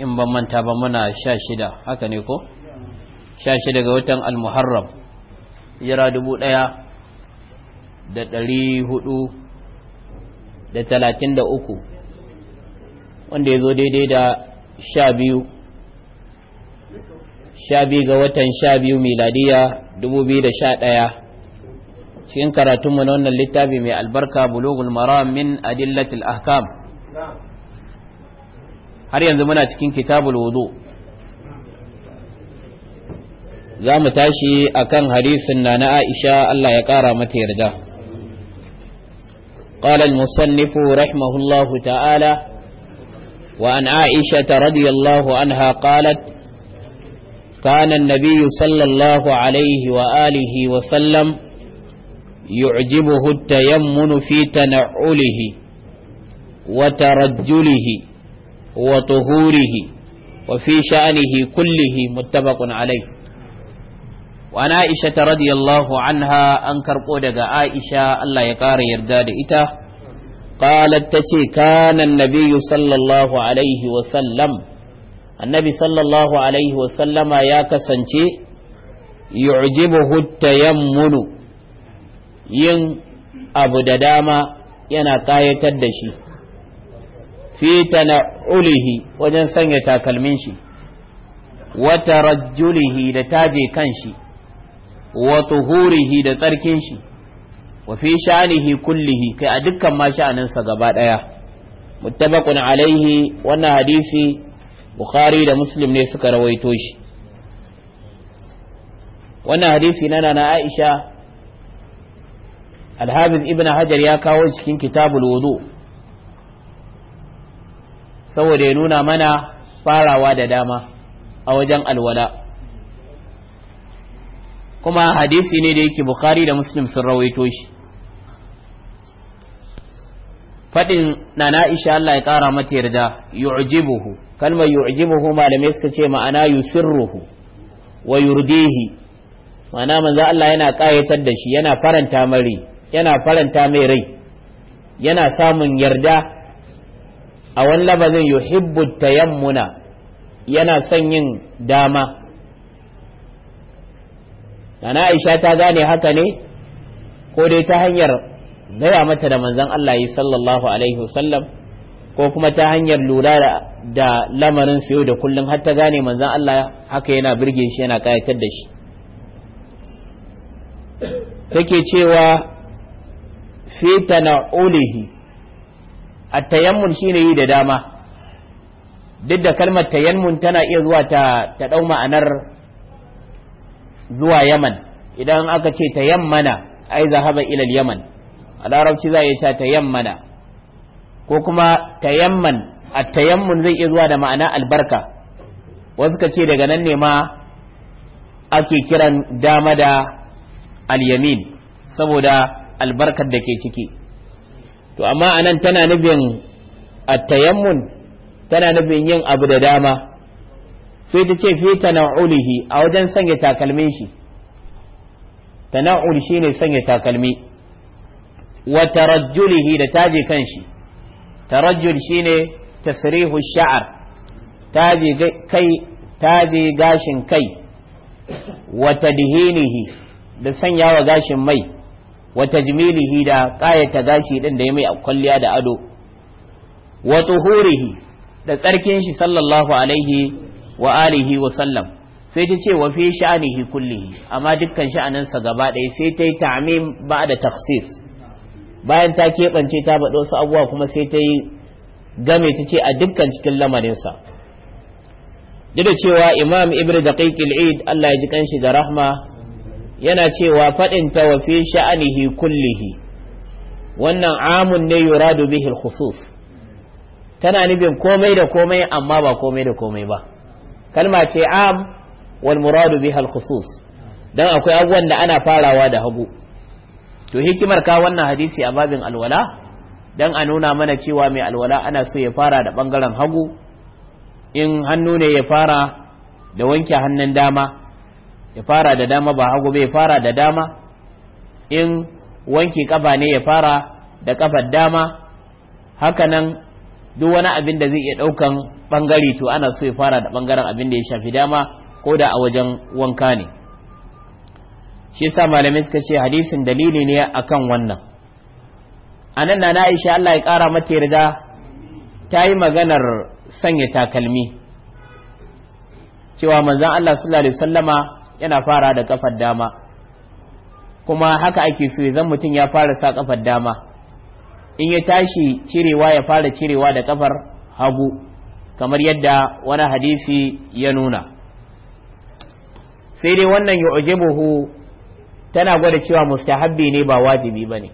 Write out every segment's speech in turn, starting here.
in ban manta ba muna sha shida haka ne ko sha shida ga watan almuharram jira dubu daya da dari hudu da talatin da uku wanda ya zo daidai da sha biyu sha biyu ga watan sha biyu miladiya dubu biyu da sha ɗaya cikin karatunmu na wannan littafi mai albarka bulogun maram min adillatil ahkam har yanzu muna cikin kitabul wudu za mu tashi akan hadisin na aisha Allah ya ƙara mata yarda ƙalal musannifu rahimahullahu ta'ala wa an aisha ta radiyallahu an haƙalat kanan nabi sallallahu alaihi wa alihi wa sallam يعجبه التيمن في تنعله وترجله wa tuhurihi wa fi sha'anihi kullihi muttafaqun alai wa na aisha radiyallahu anha an karɓo daga aisha Allah ya ƙara yarda da ita qalat tace kana annabiyyu sallallahu alaihi wa sallam annabi sallallahu alaihi wa sallama ya kasance yu'jibuhu tayammunu yin abu da dama yana kayatar da shi fi ulihi wajen sanya takalmin shi wata rajulihi da taje kanshi wa tuhurihi da tsarkin shi wa fi sha'anihi kullihi kai a dukkan ma sha'aninsa gaba daya muttabaqun alaihi wannan hadisi bukhari da muslim ne suka rawaito shi wannan hadisi na na aisha alhabiz ibn hajar ya kawo cikin kitabul wudu' saboda ya nuna mana farawa da dama a wajen alwala kuma hadisi ne da yake bukhari da muslim sun rawaito shi faɗin na na'isha Allah ya ƙara mata yarda yu'jibuhu kalmar yu'jibuhu malamai suka ce ma'ana yusirruhu wa yurdihi ma'ana manzo Allah yana ƙayatar da shi yana faranta yana faranta mai rai yana samun yarda a wani labarin yuhibbu tayammuna yana son yin dama Nana Aisha ta gane haka ne ko dai ta hanyar gaya mata da manzan Allah yi sallallahu alaihi wasallam ko kuma ta hanyar lura da lamarin yau da kullum har ta gane manzan Allah haka yana birge shi yana kayatar da shi take cewa na ulihi at-tayammun shine yi da dama duk da kalmar tayammun tana iya zuwa ta ta dau ma'anar zuwa Yaman idan aka ce tayammana ai zahaba ila yaman a larabci za ya ce tayammana ko kuma tayamman at-tayammun zai iya zuwa da ma'ana albarka wasu ka ce daga nan ne ma ake kiran dama da al-yamin saboda albarkar da ke ciki to amma anan tana nufin tayammun tana nufin yin abu da dama sai ta ce fi tana'ulihi a wajen sanya takalmin shi tana'ul ne sanya takalmi wa tarajjulihi da taje kanshi tarajjul ne tasrihu sha'ar taji kai gashin kai wa tadhinihi da sanya wa gashin mai Wata jimilihi da ƙayata gashi din da ya mai kwalliya da ado wa tuhurihi da tsarkin shi sallallahu alaihi wa alihi wa sallam sai ta ce wa fi sha'anihi kullihi amma dukkan sha'aninsa gaba ɗaya sai ta yi ta'mim ba da taksis bayan ta keɓance ta baɗo su abubuwa kuma sai ta yi game ta ce a dukkan cikin lamarinsa duk da cewa imam ibn daqiq al-eid Allah ya ji kanshi da rahma yana cewa faɗin tawafi sha'anihi kullihi wannan amun ne yuradu bihi khusus tana nufin komai da komai amma ba komai da komai ba kalma ce am wal muradu bihi khusus dan akwai abubuwan da ana farawa da hagu to hikimar ka wannan hadisi a babin alwala dan a nuna mana cewa mai alwala ana so ya fara da bangaren hagu in hannu ne ya fara da wanke hannun dama ya fara da dama ba hagu bai fara da dama in wanki kafa ne ya fara da kafar dama hakanan duk wani abin da zai iya daukan bangare to ana so ya fara da bangaren abin da ya shafi dama ko da a wajen wanka ne shi yasa malamai suka ce hadisin dalili ne akan wannan anan na na Aisha Allah ya kara mata yarda ta yi maganar sanya takalmi cewa manzon Allah sallallahu alaihi wasallama yana fara da kafar dama kuma haka ake so idan mutum ya fara sa kafar dama in ya tashi cirewa ya fara cirewa da kafar hagu kamar yadda wani hadisi ya nuna sai dai wannan ya yu'jibuhu tana gwada cewa mustahabbi ne ba wajibi bane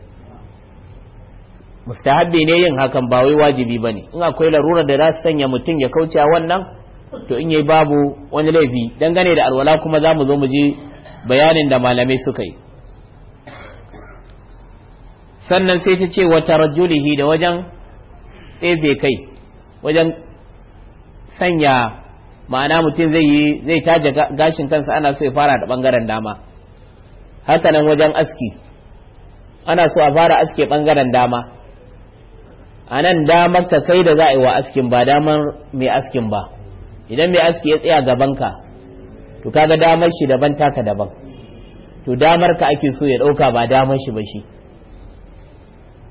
mustahabbi ne yin hakan ba wai wajibi bane in akwai larurar da za su sanya mutum ya kauce a wannan to in yayi babu wani laifi dangane da alwala kuma za mu zo mu ji bayanin da malamai suka yi sannan sai ta ce wa tarjulihi da wajen tsefe kai wajen sanya ma'ana mutum zai yi zai taje gashin kansa ana so ya fara da bangaren dama haka nan wajen aski ana so a fara aske bangaren dama a nan damar ta kai da za a yi wa askin ba damar mai askin ba idan mai aski ya tsaya gaban ka to kaga damar shi daban taka daban to damar ka ake so ya ɗauka ba damar shi ba shi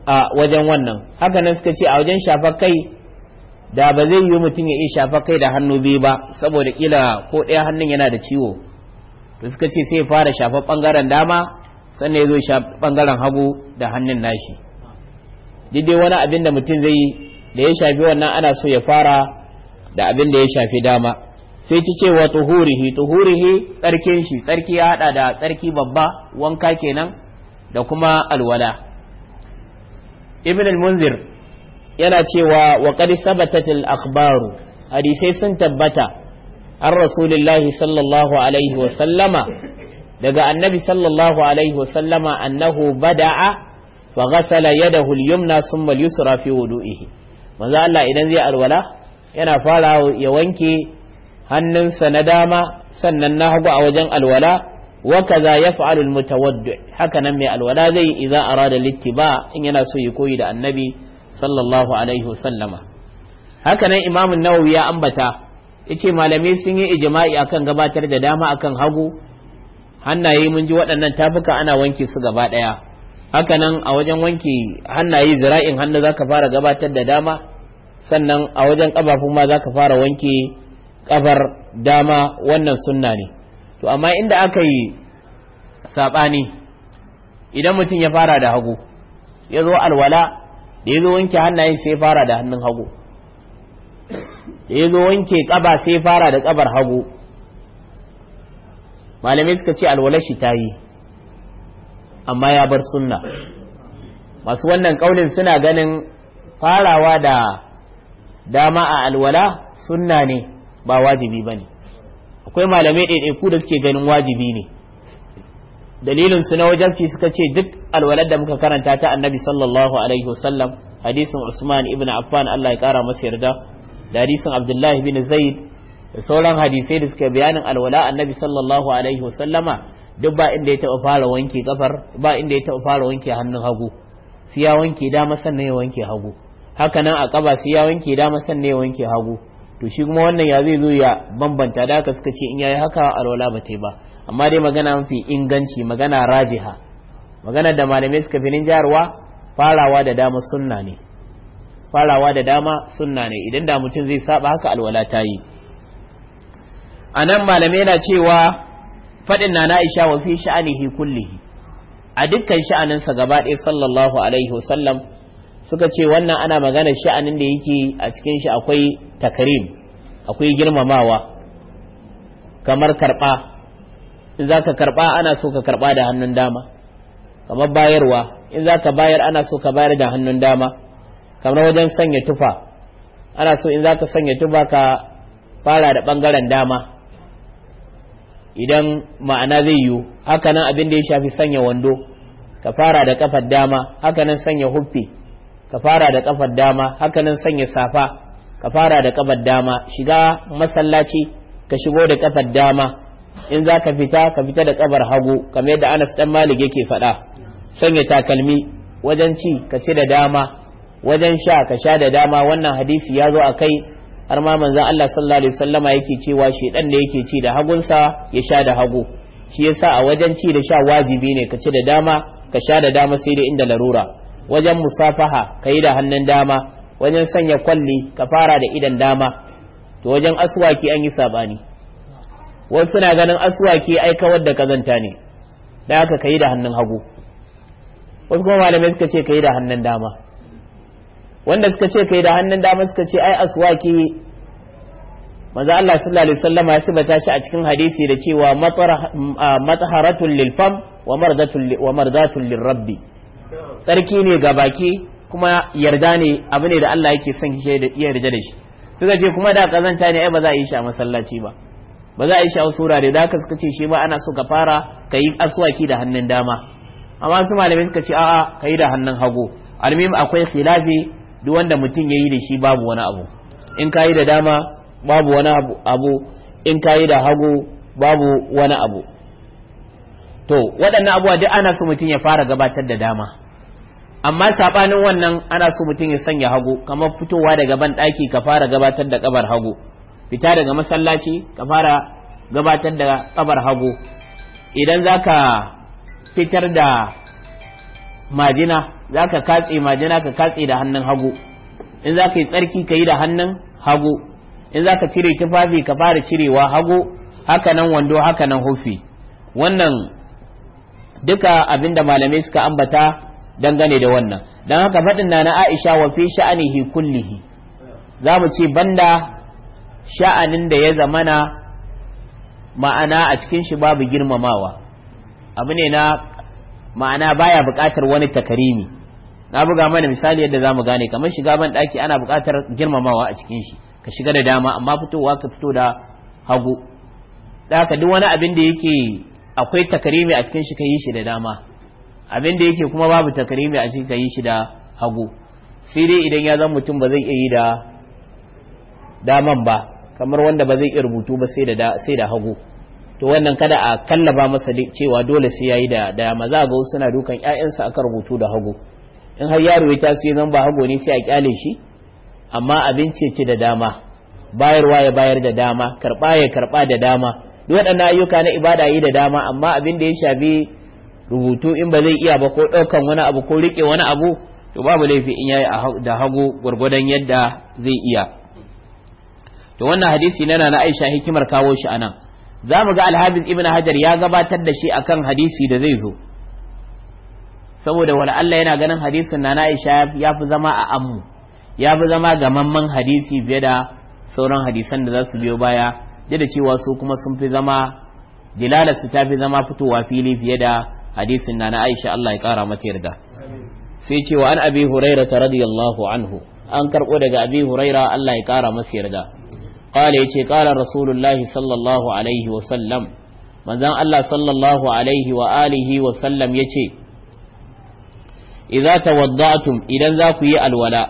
a wajen wannan haka nan suka ce a wajen shafa kai da ba zai yi mutum ya yi shafa kai da hannu biyu ba saboda kila ko ɗaya hannun yana da ciwo to suka ce sai fara shafa ɓangaren dama sannan ya zo shafa ɓangaren hagu da hannun nashi daidai wani abin da mutum zai yi da ya shafi wannan ana so ya fara da abin da ya shafi dama sai ci cewa tuhurihi tuhurihi tsarkin shi tsarki ya hada da tsarki babba wanka kenan da kuma alwala ibn al-munzir yana cewa wa qad akhbaru hadisai sun tabbata an rasulillahi sallallahu alaihi wa sallama daga annabi sallallahu alaihi wa sallama annahu bada'a fa ghasala yadahu al-yumna thumma al-yusra fi wudu'ihi manzo Allah idan zai alwala yana fara ya wanke hannunsa na dama sannan na hagu a wajen alwala wa kaza yaf'alu almutawaddi haka nan mai alwala zai yi rada litti ba in yana so ya koyi da annabi sallallahu alaihi wasallama haka nan imamun nawawi ya ambata ce malamai sun yi ijima'i akan gabatar da dama akan hagu hannaye mun ji waɗannan tafuka ana wanke su gaba ɗaya haka nan a wajen wanke hannaye zira'in hannu zaka fara gabatar da dama sannan a wajen ƙafafu ma za ka fara wanke kafar dama wannan sunna ne to amma inda aka yi saɓani idan mutum ya fara da hagu ya zo alwala da ya zo wanke hannayen sai fara da hannun hagu da ya zo wanke kaba sai fara da kabar hagu malamai suka ce alwala shi ta yi amma ya bar sunna masu wannan ƙaunin suna ganin farawa da dama a alwala sunna ne ba wajibi ba ne akwai malamai ɗaiɗaiku da suke ganin wajibi ne dalilin su na wajabci suka ce duk alwalar da muka karanta ta annabi sallallahu alaihi wasallam hadisin usman ibn affan allah ya kara masa yarda da hadisin abdullahi bin zaid da sauran hadisai da suke bayanin alwala annabi sallallahu alaihi wasallama duk ba inda ya taɓa fara wanke kafar ba inda ya taɓa fara wanke hannun hagu sai ya wanke dama sannan ya wanke hagu haka nan a kaba sai ya wanke dama sannan ya wanke hagu to shi kuma wannan ya zai zo ya bambanta da haka suka ce in yayi haka alwala ba ta yi ba amma dai magana mafi inganci magana rajiha magana da malamai suka fi jarwa farawa da dama sunna ne farawa da dama sunna ne idan da mutum zai saba haka alwala ta yi a nan malamai na cewa faɗin na na'isha wa fi sha'anihi kullihi a dukkan sha'aninsa gaba ɗaya sallallahu alaihi wasallam suka ce wannan ana magana sha'anin da yake a cikin shi akwai takrim akwai girmamawa kamar karɓa in za ka karɓa ana so ka karɓa da hannun dama kamar bayarwa in za ka bayar ana so ka bayar da hannun dama kamar wajen sanya tufa ana so in za ka sanya tufa ka fara da ɓangaren dama idan ma'ana zai yiwu hakanan abin da ya shafi sanya wando ka fara da kafar dama hakanan sanya huffi ka fara da kafar dama hakanan sanya safa ka fara da kafar dama shiga masallaci ka shigo da kafar dama in za ka fita ka fita da kabar hagu kamar yadda Anas dan Malik yake faɗa sanya takalmi wajen ci ka ci da dama wajen sha ka sha da dama wannan hadisi ya zo a kai har ma manzon Allah sallallahu alaihi wasallama yake cewa shedan da yake ci da hagunsa ya sha da hagu shi yasa a wajen ci da sha wajibi ne ka ci da dama ka sha da dama sai dai inda larura wajen musafaha ka yi da hannun dama wajen sanya kwalli ka fara da idan dama to wajen aswaki an yi sabani wasu suna ganin aswaki ai kawar da kazanta ne da haka ka yi da hannun hagu wasu kuma malamai suka ce ka yi da hannun dama wanda suka ce ka yi da hannun dama suka ce ai aswaki manzo Allah sallallahu alaihi wasallam ya tabbata shi a cikin hadisi da cewa mataharatul lilfam wa mardatul wa mardatul lirabbi tsarki ne ga baki kuma yarda ne abu ne da Allah yake son shi da iya yarda da shi suka ce kuma da kazanta ne ai ba za a yi shi a masallaci ba ba za a yi shi a surare da haka suka ce shi ba ana so ka fara ka yi aswaki da hannun dama amma su malamai suka ce a'a ka yi da hannun hagu almim akwai khilafi duk wanda mutum ya yi da shi babu wani abu in ka yi da dama babu wani abu in ka yi da hagu babu wani abu to waɗannan abuwa duk ana so mutum ya fara gabatar da dama amma saɓanin wannan ana so mutum ya sanya hagu kamar fitowa daga ban ɗaki ka fara gabatar da ƙabar hagu fita daga masallaci ka fara gabatar da ƙabar hagu idan za ka fitar da majina za ka katse majina ka katse da hannun hagu in za ka yi tsarki ka yi da hannun hagu in za ka cire tufafi ka fara cirewa hagu hakanan wando hakanan nan hufi wannan duka abinda malamai suka ambata dangane da wannan don haka faɗin na aisha wa fi sha'anihi kullihi za mu ce banda sha'anin da ya zamana ma'ana a cikin shi babu girmamawa abu ne na ma'ana baya buƙatar wani takarimi na buga mana misali yadda za mu gane kamar shiga ban ɗaki ana buƙatar girmamawa a cikin shi ka shiga da dama amma fitowa ka fito da hagu ka duk wani abin da yake akwai takarimi a cikin shi ka yi shi da dama abin da yake kuma babu takarimi a cikin ka yi shi da hagu sai dai idan ya zama mutum ba zai iya yi da daman ba kamar wanda ba zai iya rubutu ba sai da sai da hagu to wannan kada a kallaba masa cewa dole sai yayi da dama za ga wasu suna dukan ƴaƴansu aka rubutu da hagu in har yaro ya taso zan ba hagu ne sai a kyale shi amma abinci ce da dama bayarwa ya bayar da dama karba ya karba da dama duk waɗannan ayyuka na ibada yi da dama amma abin da ya shafi rubutu in ba zai iya ba ko ɗaukan wani abu ko riƙe wani abu to babu laifi in yayi da hagu gwargwadon yadda zai iya to wannan hadisi nana na Aisha hikimar kawo shi anan za mu ga hafiz ibn Hajar ya gabatar da shi akan hadisi da zai zo saboda wala Allah yana ganin hadisin na Aisha ya fi zama a ammu ya fi zama gamamman hadisi fiye da sauran hadisan da za su biyo baya da cewa su kuma sun fi zama dilalarsu ta fi zama fitowa fili fiye da hadisin na na aisha Allah ya kara mata yarda sai cewa an abi huraira ta radiyallahu anhu an karɓo daga abi huraira Allah ya kara masa yarda ya ce qala rasulullahi sallallahu alaihi wa sallam manzon Allah sallallahu alaihi wa alihi wa sallam yace idza tawadda'tum idan za ku yi alwala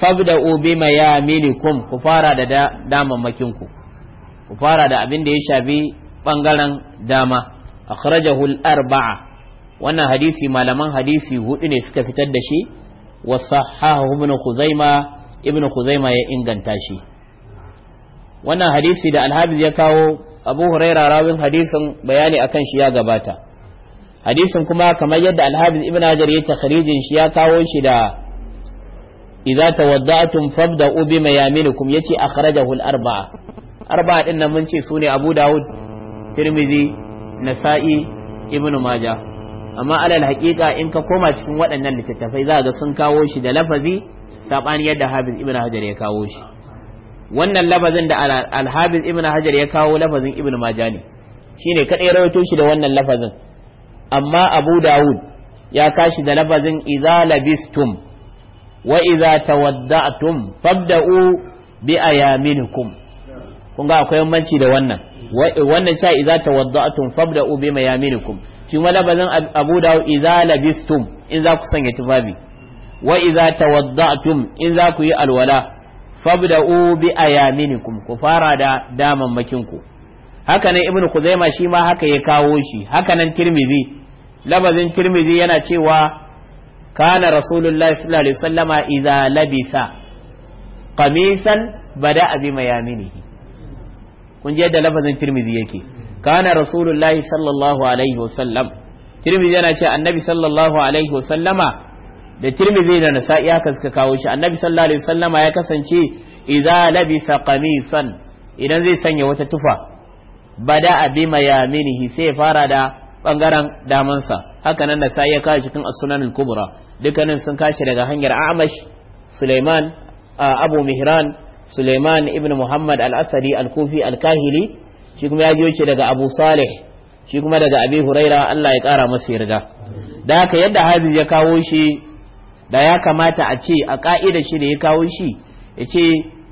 fabda'u bima yaminikum ku fara da damamakinku ku fara da abin da ya shafi ɓangaren dama akhrajahu al-arba'a wannan hadisi malaman hadisi hudu ne suka fitar da shi wa sahahu ibn khuzaima ibn khuzaima ya inganta shi wannan hadisi da alhabiz ya kawo abu huraira rawin hadisin bayani akan shi ya gabata hadisin kuma kamar yadda al ibn hajar ya takhrijin shi ya kawo shi da idza tawadda'tum fabda'u bima yaminikum yace akhrajahu al-arba'a arba'a din nan mun ce su ne abu dawud tirmidhi nasa'i ibnu maja amma alal haƙiƙa in ka koma cikin waɗannan littattafai za ga sun kawo shi da lafazi sabani yadda Habib ibnu hajar ya kawo shi wannan lafazin da alhafiz ibnu hajar ya kawo lafazin ibnu maja ne shine kadai rawaito shi da wannan lafazin amma abu dawud ya kashi da lafazin idza labistum wa idza tawadda'tum fabda'u bi ayaminikum kun ga akwai yammanci da wannan wannan cha idza tawadda'tum fabda'u bima yaminikum shi ma labazin abu da idza labistum in za ku sanya tufafi wa idza tawadda'tum in za ku yi alwala fabda'u bi ayaminikum ku fara da damammakin ku haka nan ibnu khuzaima shi ma haka ya kawo shi haka nan tirmidhi labazin tirmidhi yana cewa kana rasulullahi sallallahu alaihi wasallama idza labisa qamisan bada'a bi mayaminihi kun ji yadda lafazin tirmidhi yake kana rasulullahi sallallahu alaihi wasallam tirmidhi yana ce annabi sallallahu alaihi wasallama da tirmidhi da nasa'i haka suka kawo shi annabi sallallahu alaihi wasallama ya kasance idza labisa qamisan idan zai sanya wata tufa bada abi mayaminihi sai fara da bangaren damansa haka nan nasa'i ya kawo cikin as-sunan al-kubra dukkanin sun kashi daga hanyar amash Suleiman abu mihran Suleiman ibn Muhammad al-Asadi al-Kufi al-Kahili shi kuma ya biyo shi daga Abu Salih shi kuma daga Abi Huraira Allah ya kara masa yarda da haka yadda Habib ya kawo shi da ya kamata a ce a ka'ida shi da ya kawo shi ya ce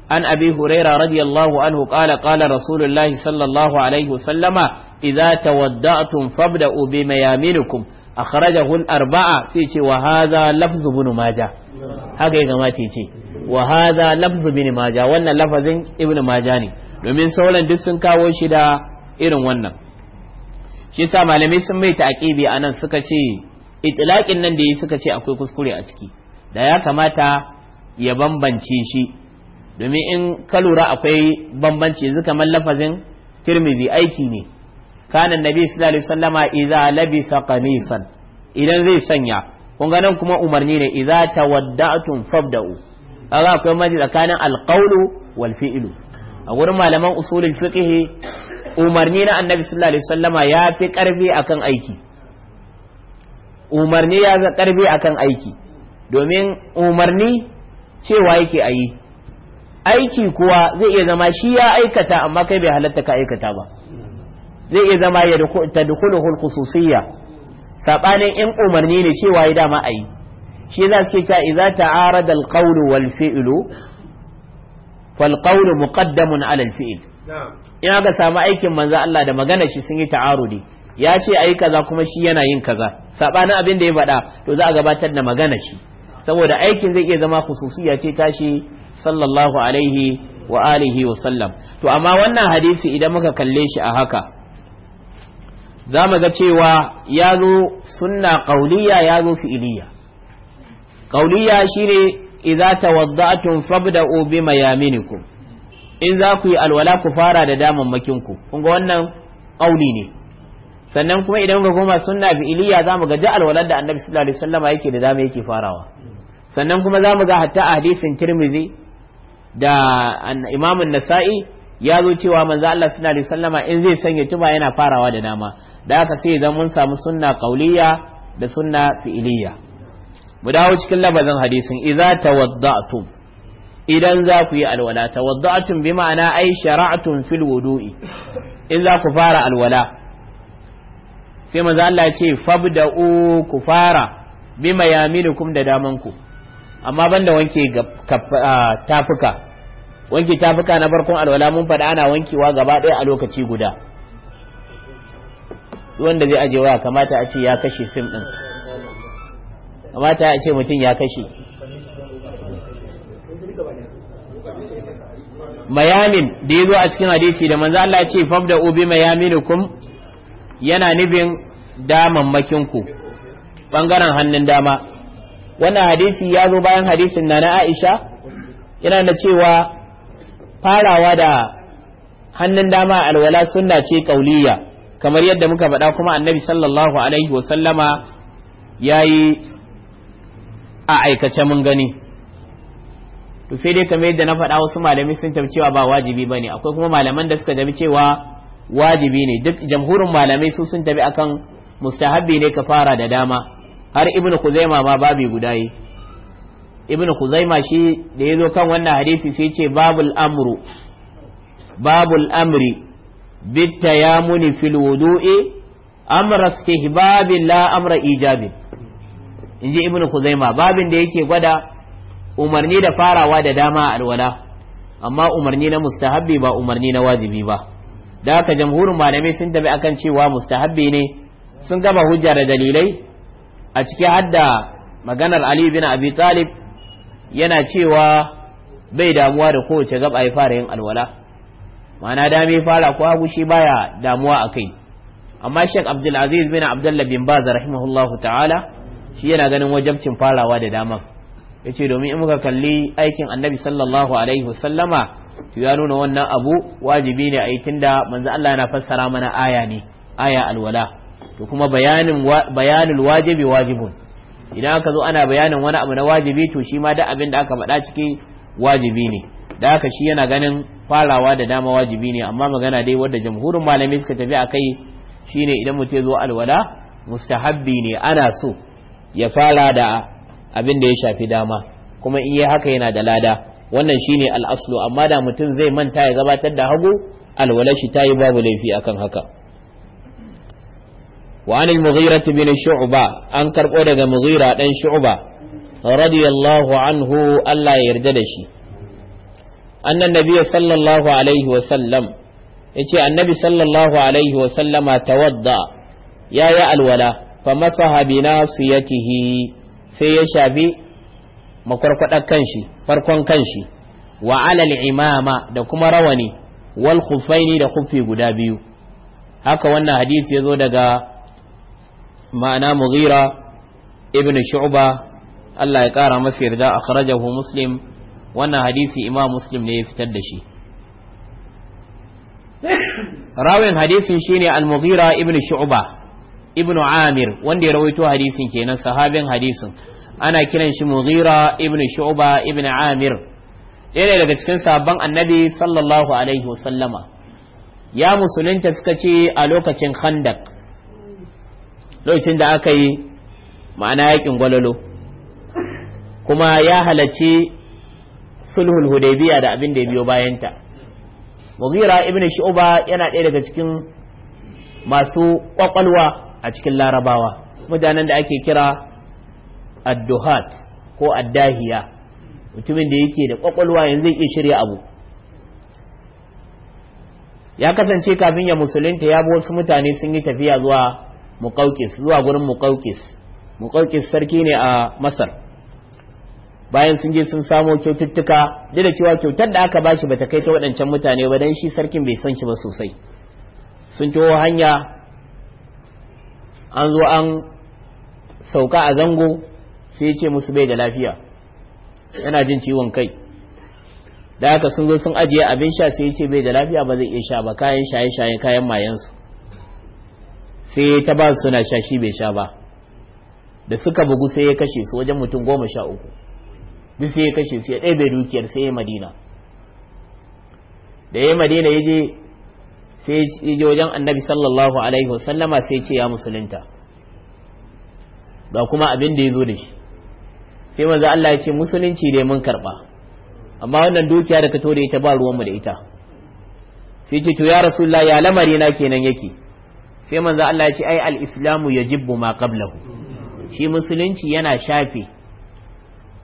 an Abi Huraira radiyallahu anhu qala qala Rasulullahi sallallahu alaihi wasallama idza tawadda'tum fabda'u bi mayaminukum akhrajahu al-arba'a sai ce wa hadha lafzu ibn Majah haka ya kamata ya ce wa hadha lafzu ibn majah wannan lafazin ibn majah ne domin sauran duk sun kawo shi da irin wannan shi sa malami sun mai taqibi anan suka ce itlaqin nan da yi suka ce akwai kuskure a ciki da ya kamata ya bambance shi domin in ka lura akwai bambanci yanzu kamar lafazin tirmidhi aiki ne kana nabi sallallahu alaihi wasallama idza labisa qamisan idan zai sanya kun ga kuma umarni ne idza tawadda'tum fabda'u kaga akwai maji tsakanin alqawlu wal fi'lu a wurin malaman usulul fiqh umarni na annabi sallallahu alaihi wasallama ya fi karfi akan aiki umarni ya fi karfi akan aiki domin umarni cewa yake ayi aiki kuwa zai iya zama shi ya aikata amma kai bai halatta ka aikata ba zai iya zama ya tadkhuluhu al-khususiyya sabanin in umarni ne cewa ya dama ayi shi za su ce idza ta'arada al-qawl wal fi'l fal qawl muqaddamun ala al-fi'l ina ga samu aikin manzo Allah da magana shi sun yi ta'arudi ya ce ayi kaza kuma shi yana yin kaza sabanin abin da ya faɗa to za a gabatar da magana shi saboda aikin zai iya zama khususiya ce tashi sallallahu alaihi wa alihi wa sallam to amma wannan hadisi idan muka kalle shi a haka za mu ga cewa ya zo sunna ƙauliya ya zo fi'iliya qauliya shine idza tawadda'tum fabda'u bi mayaminikum in za ku yi alwala ku fara da daman makinku kun wannan qauli ne sannan kuma idan ga goma sunna fi'iliya za mu da alwalar da annabi sallallahu alaihi wasallama yake da yake farawa sannan kuma zamu ga hatta a hadisin tirmidhi da imamun nasa'i ya zo cewa manzo Allah sallallahu alaihi wasallama in zai sanya tuba yana farawa da dama da haka sai idan mun samu sunna qauliyya da sunna fi'iliya mu dawo cikin labazin hadisin idza tawadda'tum idan za ku yi alwala tawadda'tum bi ma'ana ai shara'atun fil wudu'i in za ku fara alwala sai manzo Allah ya ce fabda'u ku fara bi mayaminukum da daman ku amma banda wanke tafuka wanke tafuka na farkon alwala mun faɗa ana wankewa gaba ɗaya a lokaci guda wanda zai ajewa kamata a ce ya kashe sim ɗin kamata a ce mutum ya kashe mayamin da ya zo a cikin hadisi da manzo Allah ce fabda ubi mayaminukum yana nufin makinku bangaren hannun dama wannan hadisi ya zo bayan hadisin na na Aisha yana da cewa farawa da hannun dama a alwala sunna ce kauliya kamar yadda muka faɗa kuma annabi sallallahu alaihi wasallama ya yi a aikace mun gani to sai dai kamar yadda na faɗa wasu malamai sun tafi cewa ba wajibi bane akwai kuma malaman da suka tafi cewa wajibi ne duk jamhurin malamai su sun tafi akan mustahabbi ne ka fara da dama har ibnu kuzaima ma babi guda yi ibnu kuzaima shi da ya zo kan wannan hadisi sai ce babul amru babul amri bit fil wudu'i amra istihbabi la amra ijabi in ji ibnu khuzaima babin da yake gwada umarni da farawa da dama a alwala amma umarni na mustahabbi ba umarni na wajibi ba da haka jamhurin malamai sun tafi akan cewa mustahabbi ne sun gaba hujja da dalilai a ciki hadda maganar ali bin abi talib yana cewa bai damuwa da kowace gaba ya fara yin alwala ma'ana dami fara ko hagu shi baya damuwa a kai amma shek abdulaziz bin abdullah bin baz rahimahullahu ta'ala shi yana ganin wajabcin farawa da daman yace domin in muka kalli aikin annabi sallallahu alaihi wasallama to ya nuna wannan abu wajibi ne a yi tunda manzo Allah yana fassara mana aya ne aya alwala to kuma bayanin bayanul wajibi wajibun idan aka zo ana bayanin wani abu na wajibi to shi ma da abin da aka faɗa ciki wajibi ne da haka shi yana ganin farawa da dama wajibi ne amma magana dai wadda jamhurin malamai suka tafi a kai shine idan mutum ya zo alwala mustahabbi ne ana so ya fara da abin da ya shafi dama kuma in yi haka yana da lada wannan shine al'aslu amma da mutum zai manta ya gabatar da hagu alwala shi yi babu laifi akan haka wa anil mughira bin shu'ba an karbo daga mughira dan shu'ba radiyallahu anhu Allah ya yarda da shi annan nabiy sallallahu alaihi wa sallam yace annabi sallallahu alaihi wa sallama tawadda ya yayi alwala fa su bi nasiyatihi sai ya shafi makwarkwadar kanshi farkon kanshi wa alal imama da kuma rawani wal khuffaini da khuffi guda biyu haka wannan hadisi yazo daga ma'ana mughira ibn shu'ba Allah ya kara masa yarda akhrajahu muslim wannan hadisi imam muslim ne ya fitar da shi rawin hadisi shine al-mughira ibn ibn amir wanda ya rawaito hadisin kenan sahabin hadisin ana kiran shi mughira ibn shu'ba ibn amir ɗaya daga cikin sabon annabi sallallahu alaihi wasallama ya musulunta suka ce a lokacin khandak lokacin da aka yi ma'ana yakin gwalolo kuma ya halarci sulhul hudaybiya da abin da ya biyo bayanta mughira ibn shu'ba yana ɗaya daga cikin masu ƙwaƙwalwa. a cikin larabawa mutanen da ake kira adduhat ko addahiya mutumin da yake da kwakwalwa yanzu zai iya shirya abu ya kasance kafin ya musulunta ya bi wasu mutane sun yi tafiya zuwa muƙaukis zuwa gurin muƙaukis muƙaukis sarki ne a masar bayan sun je sun samo kyaututtuka duk da cewa kyautar da aka bashi ba ta kai ta waɗancan mutane ba don shi sarkin bai san shi ba sosai sun towo hanya an zo an sauka a zango sai ya ce musu bai da lafiya yana jin ciwon kai da haka sun zo sun ajiye abin sha sai ce bai da lafiya ba zai iya sha ba kayan shaye-shaye kayan mayansu sai ta ba suna sha shi bai sha ba da suka bugu sai ya kashe su wajen mutum goma sha uku duk sai ya kashe su ya ɗaya bai dukiyar sai ya madina da ya madina ya je sai ya je wajen annabi sallallahu alaihi wasallama sai ce ya musulunta ga kuma abin da ya zo da shi sai manzo Allah ya ce musulunci dai mun karba amma wannan dukiya da ka tore ita ba ruwan mu da ita sai ce to ya rasulullahi ya lamari na kenan yake sai manzo Allah ya ce ai al-islamu yajibbu ma qablahu shi musulunci yana shafe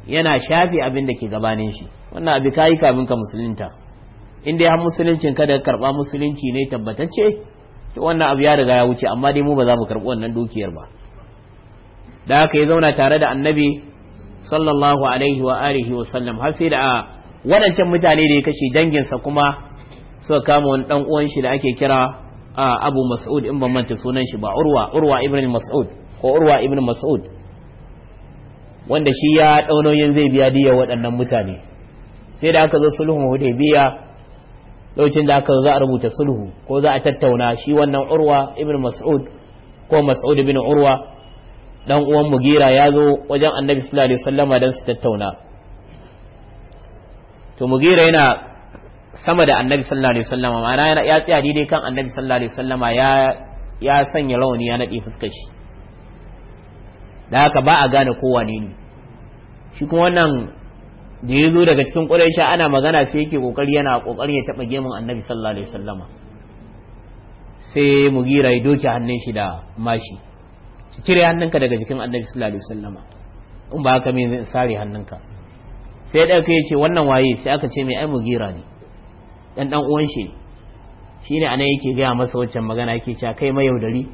yana shafe abin da ke gabanin shi wannan abi kai kafin ka musulunta in dai har musuluncin ka karba musulunci ne tabbatacce to wannan abu ya riga ya wuce amma dai mu ba za mu karbi wannan dukiyar ba da haka ya zauna tare da annabi sallallahu alaihi wa alihi wa sallam har sai da wadancan mutane da ya kashe danginsa kuma suka kama wani dan uwan shi da ake kira Abu Mas'ud in ban manta sunan shi ba Urwa Urwa ibn Mas'ud ko Urwa ibn Mas'ud wanda shi ya daunoyin zai biya diya waɗannan mutane sai da aka zo sulhun hudaybiya lokacin da aka za a rubuta sulhu ko za a tattauna shi wannan urwa ibn mas'ud ko mas'ud ibn urwa dan uwan mugira ya zo wajen annabi sallallahu alaihi wasallama dan su tattauna to mugira yana sama da annabi sallallahu alaihi wasallama ma'ana ya tsaya daidai kan annabi sallallahu alaihi wasallama ya ya sanya rauni ya nade fuskar shi da haka ba a gane kowa ne ne shi kuma wannan da ya zo daga cikin ƙuraisha ana magana sai yake ƙoƙari yana ƙoƙari ya taɓa gemun annabi sallallahu alaihi wasallama sai mugira ya doke hannun shi da mashi ci cire hannunka daga jikin annabi sallallahu alaihi wasallama in ba haka me zai sare hannunka sai da ya ce wannan waye sai aka ce mai ai mugira ne Dan ɗan uwan shi shine anan yake gaya masa waccan magana yake cewa kai mayaudari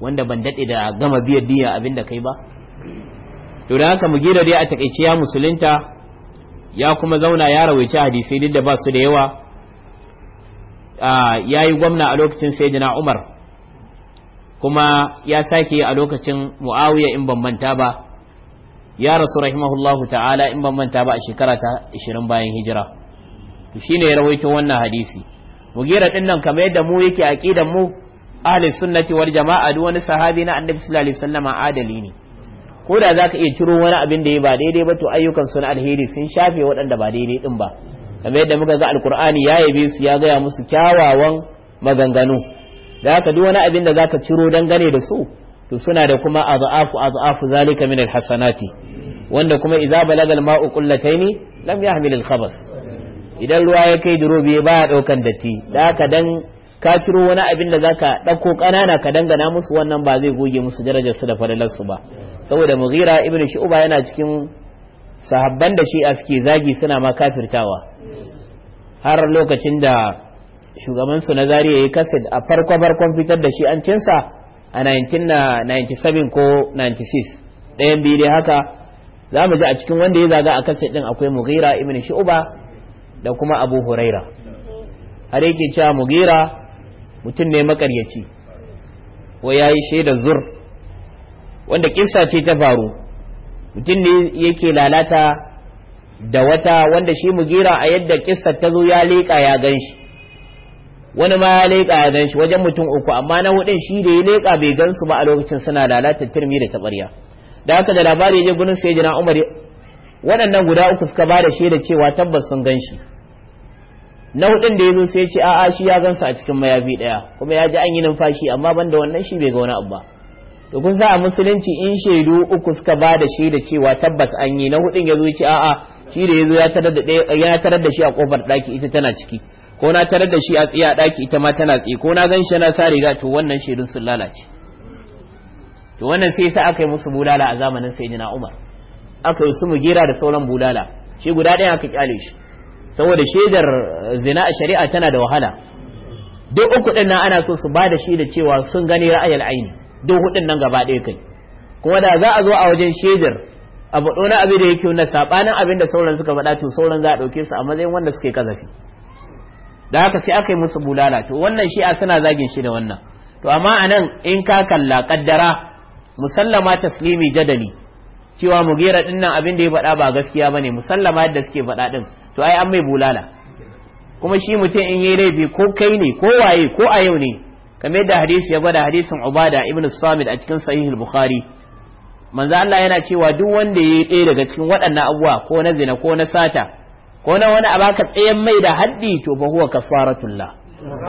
wanda ban daɗe da gama biyar diya abinda kai ba to da haka mugira dai a takeice ya musulunta ya kuma zauna ya rawaici hadisai duk da ba su da yawa ya yi gwamna a lokacin sayyidina umar kuma ya sake a lokacin mu'awiya in banbanta ba ya rasu rahimahullahu ta'ala in ban manta ba a shekara ta 20 bayan hijira to shine ya rawaito wannan hadisi mu din nan kamar yadda mu yake aqidan mu ahli sunnati wal jama'a duk wani sahabi na annabi sallallahu alaihi wasallama adali ne ko da za ka iya ciro wani abin da ya ba daidai ba to ayyukan sun alheri sun shafe waɗanda ba daidai ɗin ba kamar yadda muka ga alkur'ani ya yabe su ya gaya musu kyawawan maganganu da haka duk wani abin da za ka ciro gane da su to suna da kuma azafu azafu zalika min alhasanati wanda kuma idza balagal ma'u qullataini lam yahmil alkhabas idan ruwa ya kai durobi ba ya daukan datti da haka dan ka ciro wani abin da zaka ɗauko ƙanana ka dangana musu wannan ba zai goge musu darajar su da fadalar su ba saboda mugira ibn shu'ba yana cikin sahabban da shi a suke zagi suna ma kafirtawa har lokacin da shugaban su na zariya ya kasid a farko farkon fitar da shi an cinsa a 1997 ko 96 ɗayan biyu dai haka za mu ji a cikin wanda ya zaga a kasid din akwai mugira ibn shu'ba da kuma abu huraira har yake cewa mugira mutum ne makaryaci ko yayi shaidar zur wanda kisa ce ta faru mutum ne yake lalata da wata wanda shi mugira a yadda kisa ta zo ya leƙa ya gan shi wani ma ya leƙa ya gan shi wajen mutum uku amma na hudun shi da ya leƙa bai gan su ba a lokacin suna lalata turmi da tabarya da haka da labari ya je gurin sai jina umar waɗannan guda uku suka ba da shaida cewa tabbas sun gan shi na hudun da ya zo sai ya ce a'a shi ya gan su a cikin mayafi ɗaya kuma ya ji an yi numfashi amma ban da wannan shi bai ga wani abu ba to kun sa a musulunci in shaidu uku suka ba da shaida cewa tabbas an yi na hudun ya zo ce a'a shi da ya zo ya tarar da shi a kofar daki ita tana ciki ko na tarar da shi a tsiya daki ita ma tana tsi ko na gan na sa riga to wannan shaidun sun lalace to wannan sai sa aka yi musu bulala a zamanin sayyidina Umar aka yi su mugira da sauran bulala shi guda ɗaya aka kyale shi saboda shaidar eh, zina a shari'a tana da wahala duk uku ɗin nan ana so su ba da shi da cewa sun gani ra'ayal aini duk hudun nan gaba ɗaya kai kuma da za a zo a wajen shaidar a faɗo na abin da yake na saɓanin abin da sauran suka faɗa to sauran za a ɗauke su a matsayin wanda suke kazafi da haka sai aka yi musu bulala to wannan shi'a suna zagin shi da wannan to amma a nan in ka kalla kaddara musallama taslimi jadali cewa mu gera nan abin da ya faɗa ba gaskiya bane musallama yadda suke faɗa din to ai an mai bulala kuma shi mutum in yi laifi ko kai ne ko waye ko a yau ne kamar yadda hadisi ya gwada hadisin ubada ibn samid a cikin sahih bukhari manzo Allah yana cewa duk wanda yayi ɗaya daga cikin waɗannan abuwa ko na zina ko na sata ko na wani abaka tsayen mai da haddi to fa huwa kafaratullah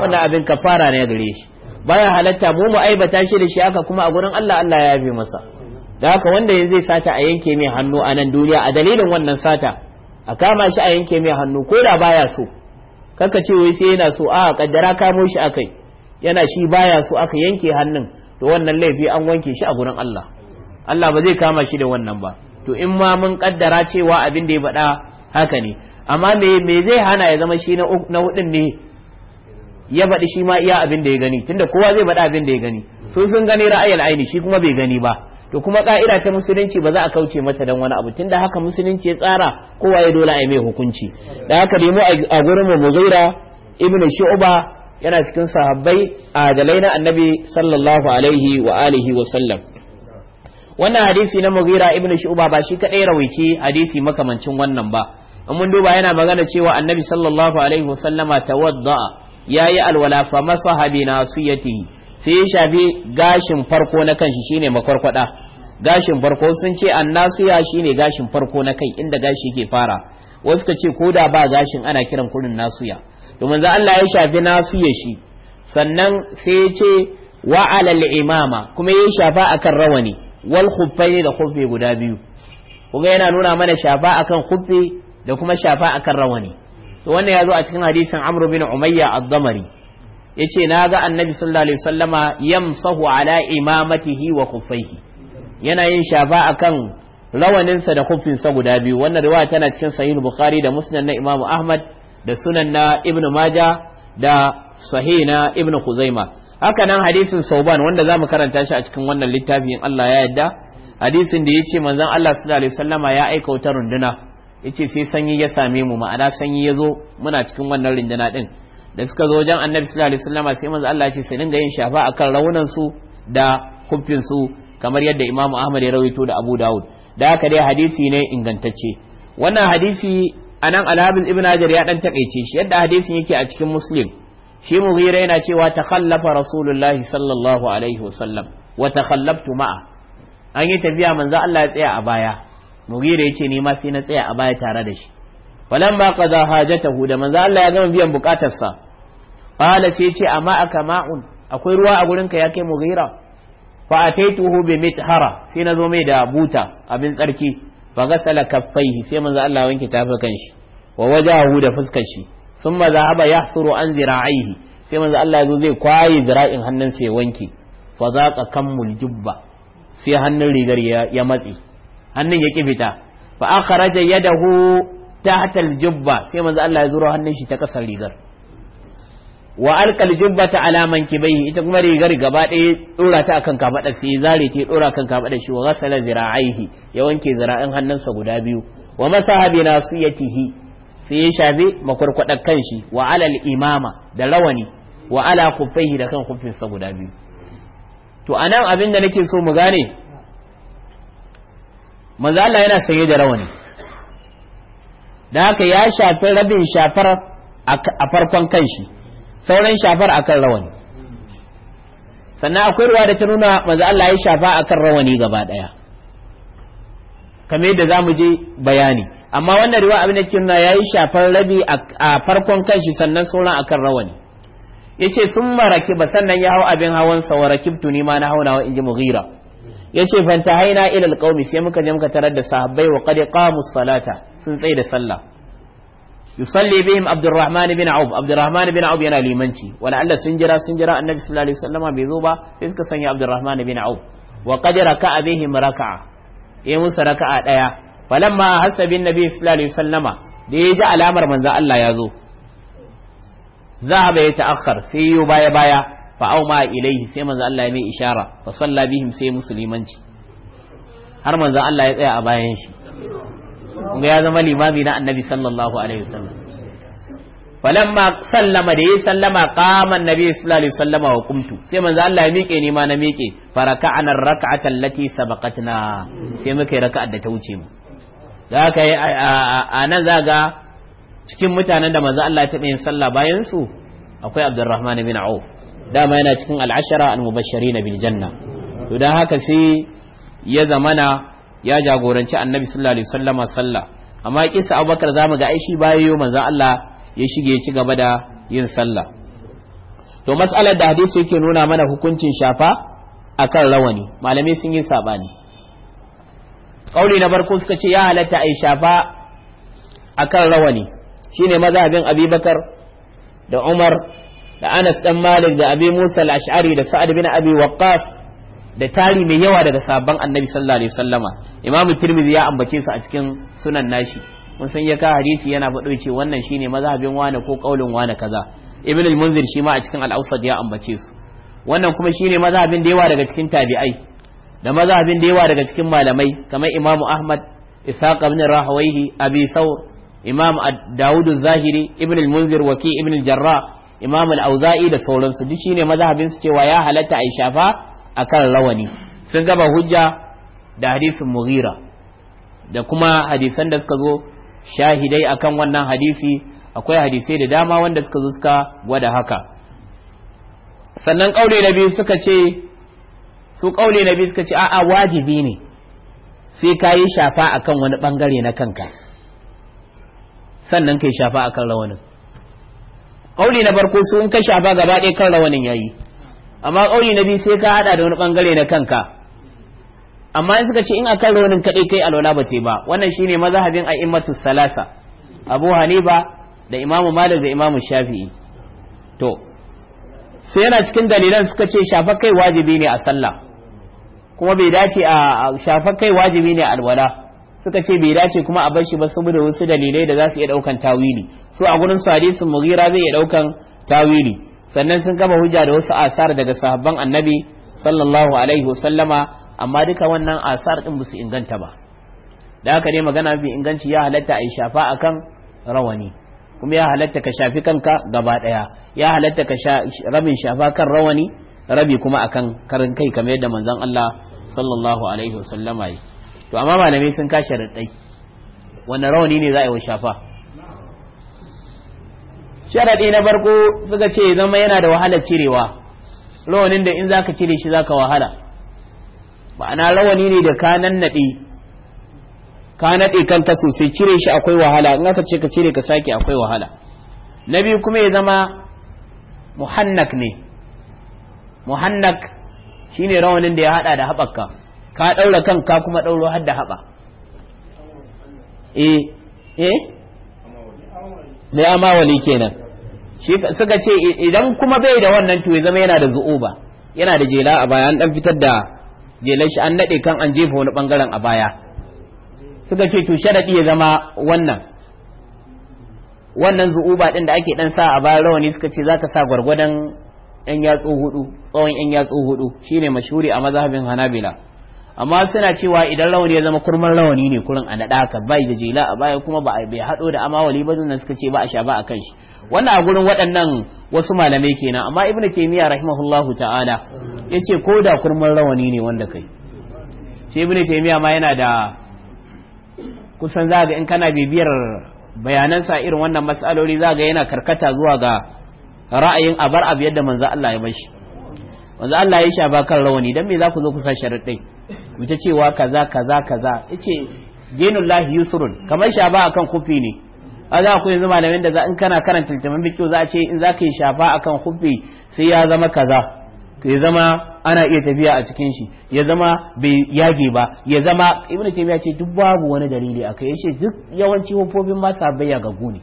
wannan abin kafara ne gare shi baya halatta mu mu aibata shi da shi aka kuma a gurin Allah Allah ya yafe masa da haka wanda zai sata a yanke mai hannu a nan duniya a dalilin wannan sata a kama shi a yanke mai hannu ko da baya so kaka ce wai sai yana so a kaddara kamo shi akai yana shi baya so aka yanke hannun to wannan laifi an wanke shi a gurin Allah Allah ba zai kama shi da wannan ba to in ma mun kaddara cewa abin da ya faɗa haka ne amma me me zai hana ya zama shi na hudun ne ya faɗi shi ma iya abin da ya gani tunda kowa zai bada abin da ya gani su sun gani ra'ayin aini shi kuma bai gani ba to kuma ka'ida ta musulunci ba za a kauce mata dan wani abu tunda haka musulunci ya tsara kowa ya dole a yi mai hukunci da haka mu a gurin mu muzaira ibnu shu'ba yana cikin sahabbai adalai na annabi sallallahu alaihi wa alihi wa sallam wannan hadisi na mughira ibn shu'ba ba shi kadai rawaici hadisi makamancin wannan ba in mun duba yana magana cewa annabi sallallahu alaihi wa sallama tawadda yayi alwala fa masaha bi nasiyatihi sai ya shafi gashin farko na kanshi shine makwarkwada gashin farko sun ce annasiya shine gashin farko na kai inda gashi ke fara wasu ka ce ko da ba gashin ana kiran kurin nasuya to manzo Allah ya shafi nasu ya shi sannan sai ya ce wa alal imama kuma ya shafa akan rawani wal khuffaini da khuffi guda biyu kuma yana nuna mana shafa akan khuffi da kuma shafa akan rawani to wannan ya zo a cikin hadisin Amr bin Umayya ad-Damari yace na ga Annabi sallallahu alaihi wasallama yamsahu ala imamatihi wa khuffaihi yana yin shafa akan rawaninsa da khuffinsa guda biyu wannan riwaya tana cikin sahih Bukhari da Musnad na Imam Ahmad da sunan na ibnu maja da sahih na ibnu kuzaima haka nan hadisin sauban wanda zamu karanta shi a cikin wannan littafin Allah ya yadda hadisin da yace manzon Allah sallallahu alaihi wasallama ya aika wata runduna yace sai sanyi ya same mu ma'ana sanyi ya zo muna cikin wannan runduna din da suka zo wajen annabi sallallahu alaihi wasallama sai manzon Allah ya sai dinga yin shafa akan raunan su da kuffin su kamar yadda Imam Ahmad ya rawaito da Abu Dawud da haka dai hadisi ne ingantacce wannan hadisi anan alabin ibn hajar ya dan takaice shi yadda hadisin yake a cikin muslim shi mughira yana cewa takhallafa rasulullahi sallallahu alaihi wasallam wa takhallaftu ma'a an yi tafiya manzo Allah ya tsaya a baya mughira yace ni ma sai na tsaya a baya tare da shi falan ba qada hajatahu da manzo Allah ya gama biyan bukatarsa qala sai yace amma aka ma'un akwai ruwa a gurinka ya kai mughira fa ataituhu bi mithara sai na zo mai da buta abin tsarki fa ghasala kaffaihi sai manzo Allah wanke tafi kanshi wa wajahu da fuskar shi thumma dhahaba yahsuru an zira'ihi sai manzo Allah yazo zai kwaye zira'in hannun ya wanke fa zaqa kammul jubba sai hannun rigar ya matsi hannun ya kifita fa akhraja yadahu tatal aljubba sai manzo Allah ya zuro hannun shi ta kasar rigar wa alqal jubbata ala mankibaihi ita kuma rigar gaba ɗaya dora ta akan kafadar sai zare ta dora akan kafadar shi wa ghasala zira'aihi ya wanke zira'in hannansa guda biyu wa masaha bi nasiyatihi sai ya shafe makwarkwadar kanshi wa alal imama da rawani wa ala kuffaihi da kan kuffinsa guda biyu to anan abin da nake so mu gane manzo Allah yana sanye da rawani da haka ya shafi rabin shafar a farkon kanshi sauran shafar akan rawani sannan akwai ruwa da ta nuna maza Allah ya shafa akan rawani gaba daya kamar yadda zamu je bayani amma wannan ruwa abin da ke nuna yayi shafar rabi a farkon kanshi sannan sauran akan rawani yace sun maraki ba sannan ya hau abin hawan sa wa rakibtu ni ma na hauna inji mughira yace fanta haina ilal alqaumi sai muka je muka tarar da sahabbai wa qad qamu salata sun tsaye da sallah yusalli bihim abdurrahman bin auf abdurrahman bin auf yana limanci wala Allah sun jira sun jira annabi sallallahu alaihi wasallama bai zo ba sai suka sanya abdurrahman bin auf wa qad raka'a bihim raka'a yayi musu raka'a daya falamma hasabin nabi sallallahu alaihi wasallama da ya ji alamar manzo Allah ya zo zahaba ya ta'akhkhar sai yo baya baya fa auma ma ilaihi sai manzo Allah ya mai ishara fa salla bihim sai musulmanci har manzo Allah ya tsaya a bayan shi kuma ya zama limami na annabi sallallahu alaihi wasallam falamma sallama da yi sallama qama annabi sallallahu alaihi wasallama wa sai manzo Allah ya miƙe ni ma na miƙe faraka'ana rak'ata allati sabaqatna sai muka yi raka da ta wuce mu ka yi a nan za ga cikin mutanen da manzo Allah ya taɓa yin sallah bayan su akwai Abdurrahman bin Auf dama yana cikin al'ashara al na bil janna to dan haka sai ya zamana ya jagoranci annabi sallallahu alaihi wasallam sallah amma kisa abubakar zamu ga aishi yau manzo Allah ya shige ci gaba da yin sallah to mas'alar da hadisi yake nuna mana hukuncin shafa akan rawani malami sun yi sabani kauli na barko suka ce ya halatta ai shafa akan rawani shine mazhabin abubakar da umar da anas dan malik da abi musa al-ash'ari da sa'ad bin abi waqqas da tari mai yawa daga sabon annabi sallallahu alaihi wasallama imam tirmidhi ya ambace su a cikin sunan nashi mun san ya ka hadisi yana faɗo ce wannan shine mazhabin wane ko kaulin wane kaza ibn al-munzir shi ma a cikin al-awsat ya ambace su wannan kuma shine mazhabin da yawa daga cikin tabi'ai da mazhabin da yawa daga cikin malamai kamar imam ahmad ishaq ibn rahawayhi abi thawr imam daud zahiri ibn al-munzir waki ibn al-jarrah imam al-auza'i da sauransu duk shine mazhabin su cewa ya halatta a shafa akan rawani sun gaba hujja da hadisin mughira da kuma hadisan da suka zo shahidai akan wannan hadisi akwai hadisai da dama wanda suka zo suka gwada haka sannan ƙaule na biyu suka ce su na suka ce a'a wajibi ne sai ka yi shafa akan wani ɓangare na kanka sannan ka yi shafa akan rawanin ƙaule na farko su in ka shafa gaba ɗaya kan rawanin yayi amma ƙauri na biyu sai ka haɗa da wani ɓangare na kanka amma in suka ce in akan raunin kaɗai kai alwala ba ba wannan shine mazhabin imatu salasa Abu ba da imamu Malik da imamu Shafi'i to sai yana cikin dalilan suka ce shafa kai wajibi ne a sallah kuma bai dace a shafa kai wajibi ne a alwala suka ce bai dace kuma a bar shi ba saboda wasu dalilai da za su iya ɗaukan tawili so a gurin su hadisin mughira zai iya ɗaukan tawili sannan sun gama hujja da wasu asar daga sahabban annabi sallallahu alaihi wasallama amma duka wannan asar din su inganta ba da haka ne magana bi inganci ya halatta a shafa akan rawani kuma ya halatta ka shafi kanka gaba daya ya halatta ka rabin shafa kan rawani rabi kuma akan karin kai kamar yadda manzon Allah sallallahu alaihi wasallama yi to amma malamai sun kashe raɗai wannan rawani ne za a yi wa shafa sharaɗi na farko suka ce zama yana da wahala cirewa rawanin da in zaka cire shi zaka wahala ma'ana rawani ne da ka nannaɗe ka naɗe kanka sosai cire shi akwai wahala in aka ce ka cire ka sake akwai wahala na biyu kuma ya zama muhannak ne muhannak shine rawanin da ya hada da haɓaka ka ɗaura kanka kuma ɗauro har da haɓa eh eh ne amawali kenan suka ce idan kuma bai da wannan to ya zama yana da zu'uba yana da jela a baya an dan fitar da jelan shi an nade kan an jefa wani bangaren a baya suka ce to sharadi ya zama wannan wannan zu'uba din da ake dan sa a baya rawani suka ce zaka sa gwargwadon yan yatsu hudu tsawon yan yatsu hudu shine mashhuri a mazhabin hanabila amma suna cewa idan rawani ya zama kurman rawani ne kurin a naɗa ka bai da jela a baya kuma ba bai haɗo da amawali ba nan suka ce ba a sha ba a kan shi wannan a waɗannan wasu malamai kenan amma ibnu taymiya rahimahullahu ta'ala ce ko da kurman rawani ne wanda kai shi ibnu ma yana da kusan za ga in kana bibiyar bayanansa irin wannan matsaloli za ga yana karkata zuwa ga ra'ayin abar abu yadda manzo Allah ya bashi manzo Allah ya sha ba kan rawani dan me za ku zo ku sa sharaɗai mu cewa kaza kaza kaza yace lahi yusrun kamar shafa akan kufi ne a za ku yanzu malamin da za in kana karanta littafin biki za a ce in za ka yi shafa akan kufi sai ya zama kaza ya zama ana iya tafiya a cikin shi ya zama bai yage ba ya zama ibnu taymiya ce duk babu wani dalili akai yace duk yawanci hufofin ma ya ga gune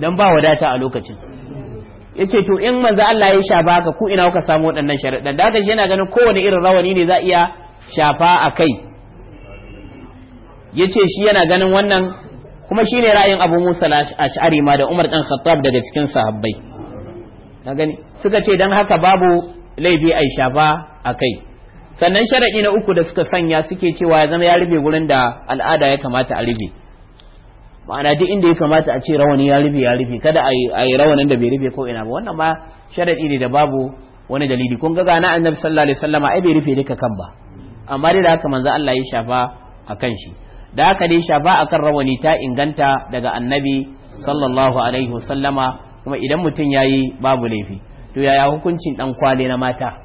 dan ba wadata a lokacin yace to in manzo Allah ya sha ka ku ina kuka samu waɗannan sharaɗan da haka yana ganin kowane irin rawani ne za iya shafa a kai ya ce shi yana ganin wannan kuma shi ne ra'ayin abu musa ash'ari ma da umar ɗan khattab daga cikin sahabbai na gani suka ce don haka babu laifi a shafa a kai sannan sharaɗi na uku da suka sanya suke cewa ya zama ya rufe wurin da al'ada ya kamata a rufe ma'ana duk inda ya kamata a ce rawani ya rufe ya rufe kada a yi rawanin da bai rufe ko ina ba wannan ma sharaɗi ne da babu wani dalili kun ga gana annabi sallallahu alaihi wasallama ai bai rufe duka kan ba amma dai da haka manzo Allah ya shafa akan shi da haka dai shafa akan rawani ta inganta daga annabi sallallahu alaihi wasallama kuma idan mutum yayi babu laifi to yaya hukuncin dan kwale na mata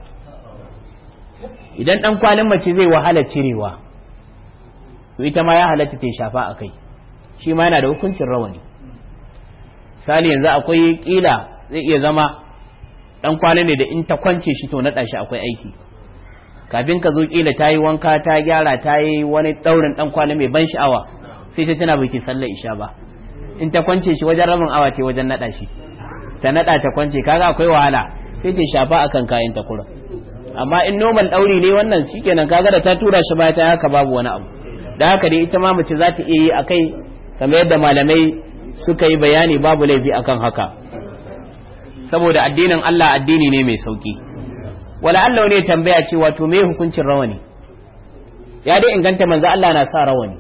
idan dan kwalin mace zai wahala cirewa to ita ma ya halatta ta shafa akai shi ma yana da hukuncin rawani sali yanzu akwai kila zai iya zama dan kwalin ne da in ta kwance shi to naɗa shi akwai aiki kafin ka zo kila ta yi wanka ta gyara ta yi wani daurin dan kwana mai ban sha'awa sai ta tana baki sallar isha ba in ta kwance shi wajen rabin awa ce wajen nada shi ta nada ta kwance kaga akwai wahala sai ta shafa akan kayan ta kura amma in normal dauri ne wannan shikenan kaga da ta tura shi baya ta haka babu wani abu da haka dai ita ma mace za ta iya yi akai kamar yadda malamai suka yi bayani babu laifi akan haka saboda addinin Allah addini ne mai sauki wala Allah ne tambaya cewa wato me hukuncin rawani ya dai inganta manzo Allah na sa rawani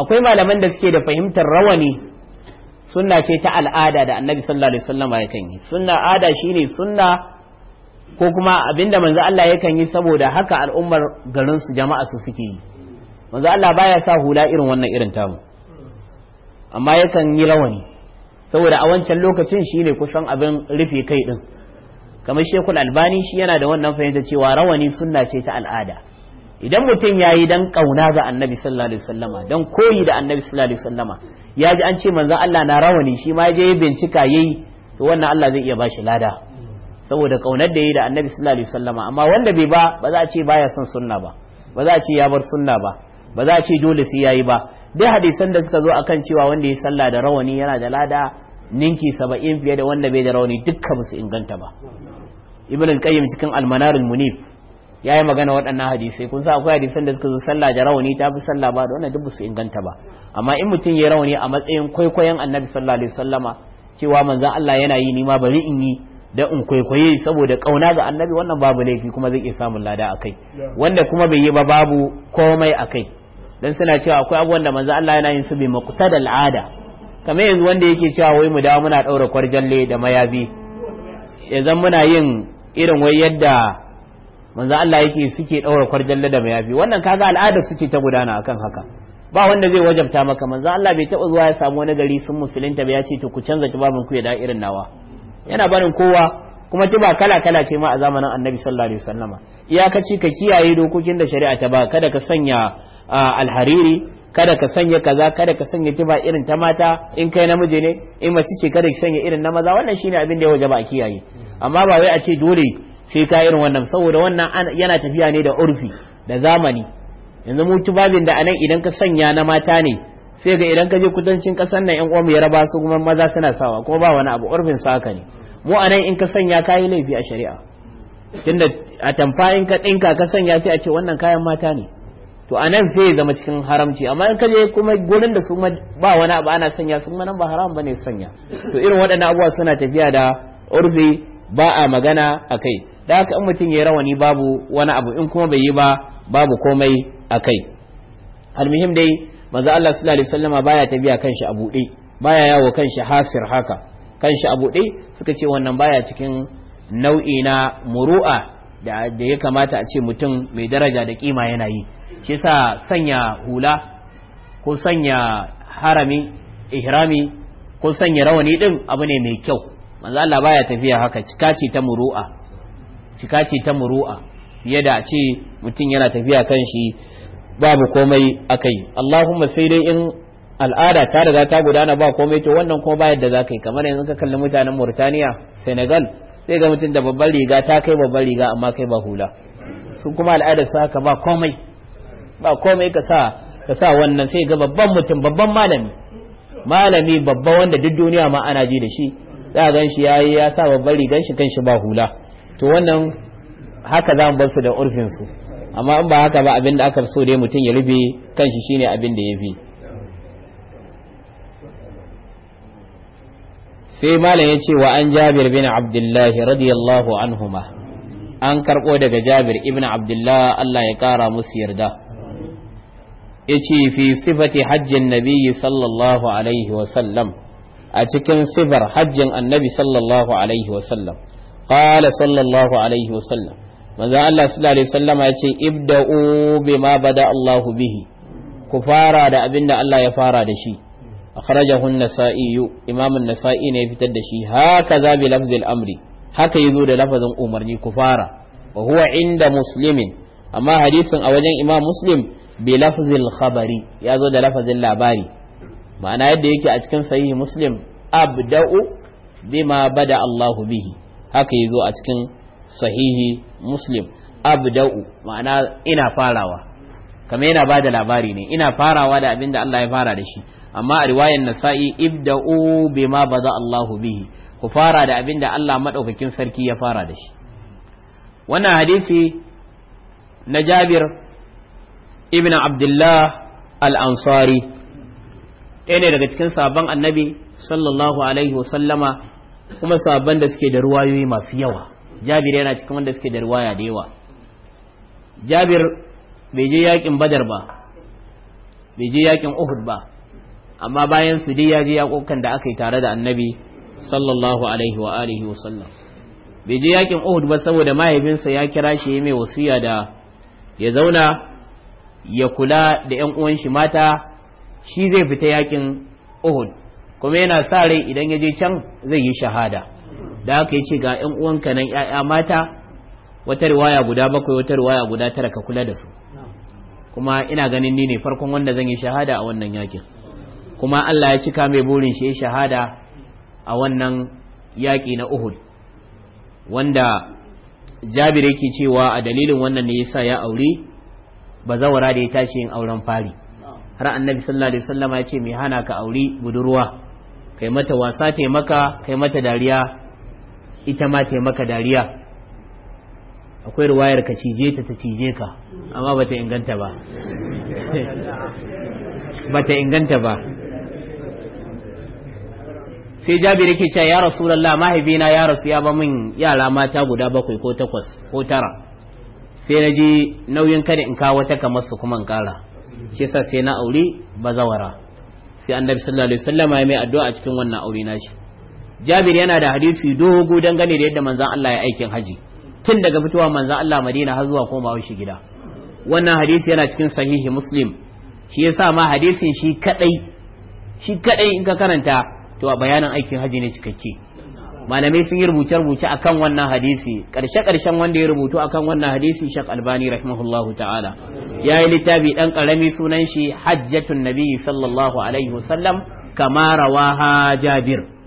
akwai malaman da suke da fahimtar rawani sunna ce ta al'ada da annabi sallallahu alaihi wasallam ya kan yi sunna ada shine sunna ko kuma abinda manzo Allah ya kan yi saboda haka al'ummar garin su jama'a su suke yi manzo Allah baya sa hula irin wannan irin tamu amma yakan yi rawani saboda a wancan lokacin shine kusan abin rufe kai din kamar shekul albani shi yana da wannan fahimta cewa rawani sunna ce ta al'ada idan mutum ya yi dan kauna ga annabi sallallahu alaihi wasallama dan koyi da annabi sallallahu alaihi wasallama ya ji an ce manzon Allah na rawani shi ma je ya bincika yayi to wannan Allah zai iya shi lada saboda kaunar da yayi da annabi sallallahu alaihi wasallama amma wanda bai ba ba za a ce baya son sunna ba ba za a ce ya bar sunna ba ba za a ce dole sai ya yi ba dai hadisan da suka zo akan cewa wanda ya sallah da rawani yana da lada ninki saba'in fiye da wanda bai da rawani dukkan su inganta ba ibn al-qayyim cikin al-manar al yi yayi magana waɗannan hadisai kun sa akwai hadisan da suka zo sallah da rawani ta fi sallah ba da wannan duk su inganta ba amma in mutum ya rawani a matsayin kwaikwayon annabi sallallahu alaihi wasallama cewa manzon Allah yana yi ni ma bari in yi da in kwaikwaye saboda kauna ga annabi wannan babu laifi kuma zai iya samun lada akai wanda kuma bai yi ba babu komai akai dan suna cewa akwai abubuwan da manzon Allah yana yin su bi da al'ada kamar yanzu wanda yake cewa wai mu da muna daura kwarjalle da mayabi yanzu muna yin irin wai yadda manzo Allah yake suke daura kwarjalla da mayafi wannan kaga al'ada suke ta gudana akan haka ba wanda zai wajabta maka manzo Allah bai taba zuwa ya samu wani gari sun musulunta ba ya ce to ku canza kibabin ku ya da irin nawa yana barin kowa kuma tuba kala kala ce ma a zamanin annabi sallallahu alaihi wasallama iyakaci ka kiyaye dokokin da shari'a ta ba kada ka sanya alhariri kada ka sanya kaza kada ka sanya tuba irin ta mata in kai namiji ne in mace ce kada ka sanya irin na maza wannan shine abin da ya wajaba a kiyaye amma ba wai a ce dole sai ka irin wannan saboda wannan yana tafiya ne da urfi da zamani yanzu mu tubabin da anan idan ka sanya na mata ne sai ga idan ka je kudancin kasar nan yan uwa mu ya raba su kuma maza suna sawa kuma ba wani abu urfin saka ne mu anan in ka sanya kayi laifi a shari'a tunda a tamfa in ka ɗinka ka sanya sai a ce wannan kayan mata ne to a nan sai zama cikin haramci amma in ka je kuma gurin da su ba wani abu ana sanya su nan ba haram bane sanya to irin waɗannan abubuwa suna tafiya da urbi ba a magana a kai da haka in mutum ya yi rawani babu wani abu in kuma bai yi ba babu komai a kai almuhim dai manzo Allah sallallahu alaihi wasallama baya tafiya shi a buɗe baya yawo kanshi hasir haka kan shi a buɗe suka ce wannan baya cikin nau'i na muru'a da ya kamata a ce mutum mai daraja da kima yana yi shi sa sanya hula ko sanya harami ihrami ko sanya rawani ɗin abu ne mai kyau manzo Allah baya tafiya haka cika ce ta muru'a cika ce ta muru'a fiye da ce mutum yana tafiya kan shi babu komai akai Allahumma sai dai in al'ada ta riga ta gudana ba komai to wannan kuma ba yadda za ka yi kamar yanzu ka kalli mutanen Mauritania Senegal sai ga mutum da babban riga ta kai babban riga amma kai ba hula su kuma al'adar su haka ba komai ba komai ka sa ka sa wannan sai ga babban mutum babban malami malami babba wanda duk duniya ma ana ji da shi za gan shi yayi ya sa babban rigar shi kanshi ba hula to wannan haka za mu bar su da urfin su amma in ba haka ba abin da aka so dai mutum ya rufe kanshi shine abin da ya fi sai malam ya ce wa an jabir bin abdullahi radiyallahu anhuma an karɓo daga jabir ibn abdullah Allah ya ƙara musu yarda ya ce fi sifati hajjin nabiyyi sallallahu alaihi wasallam a cikin sifar hajjin annabi sallallahu alaihi wasallam qala sallallahu alaihi wasallam manzo Allah sallallahu alaihi wasallam ya ce ibda'u bima bada Allahu bihi ku fara da abinda Allah ya fara da shi akhrajahu an-nasa'i imam an-nasa'i ne fitar da shi haka za bi lafzil amri haka yazo da lafazin umarni kufara wa huwa inda muslimin amma hadisin a wajen imam muslim bi lafzil khabari zo da lafazin labari ma'ana yadda yake a cikin sahihi muslim abda'u bima da Allahu bihi haka yazo a cikin sahihi muslim abda'u ma'ana ina farawa kamar yana da labari ne ina farawa da abin da Allah ya fara da shi amma a riwayar nasa'i ibda'u bima baza Allahu bihi ku fara da abin da Allah madaukakin sarki ya fara da shi wannan hadisi na Jabir ibn Abdullah al-Ansari ɗaya ne daga cikin sabon annabi sallallahu alaihi wa sallama kuma sabon da suke da ruwayoyi masu yawa Jabir yana cikin wanda suke da ruwaya da yawa Jabir bai je yakin badar ba bai je yakin uhud ba amma bayan su dai ya je yakokan da aka yi tare da annabi sallallahu alaihi wa alihi wa sallam bai je yakin uhud ba saboda mahaifinsa ya kira shi ya mai wasiya da ya zauna ya kula da yan uwan shi mata shi zai fita yakin uhud kuma yana sa rai idan ya je can zai yi shahada da aka yi ce ga yan uwanka nan ya'ya mata wata riwaya guda bakwai wata riwaya guda tara ka kula da su kuma ina ganin ni ne farkon wanda zan yi shahada a wannan yakin kuma Allah ya cika mai burin shi shahada a wannan yaƙi na Uhud wanda Jabir yake cewa a dalilin wannan ne yasa ya aure ba bazawara da ya tashi yin auren fari har annabi sallallahu alaihi wasallama ya ce mai hana ka aure budurwa kai mata wasa taimaka kai mata dariya ita ma taimaka dariya akwai ruwayar ka cije ta ta cije ka amma bata inganta ba bata inganta ba sai jabir ke cewa ya rasulullah mahaifina ya rasu ya ba min yara mata guda bakwai ko takwas ko tara sai na ji nauyin kada in kawo ta kamar su kuma in kara shi sa sai na aure bazawara sai annabi sallallahu alaihi wasallama ya mai addu'a a cikin wannan aure nashi jabir yana da hadisi dogo dangane da yadda manzon Allah ya aikin haji tun daga fitowa manzan Allah Madina har zuwa komawa shi gida wannan hadisi yana cikin sahihi muslim shi yasa ma hadisin shi kadai shi kadai in ka karanta to a bayanin aikin haji ne cikakke malamai sun yi rubuce rubuce akan wannan hadisi karshe karshen wanda ya rubutu akan wannan hadisi shak Albani rahimahullahu ta'ala ya yi littafi dan karami sunan shi hajjatun nabi sallallahu alaihi wasallam kama rawaha Jabir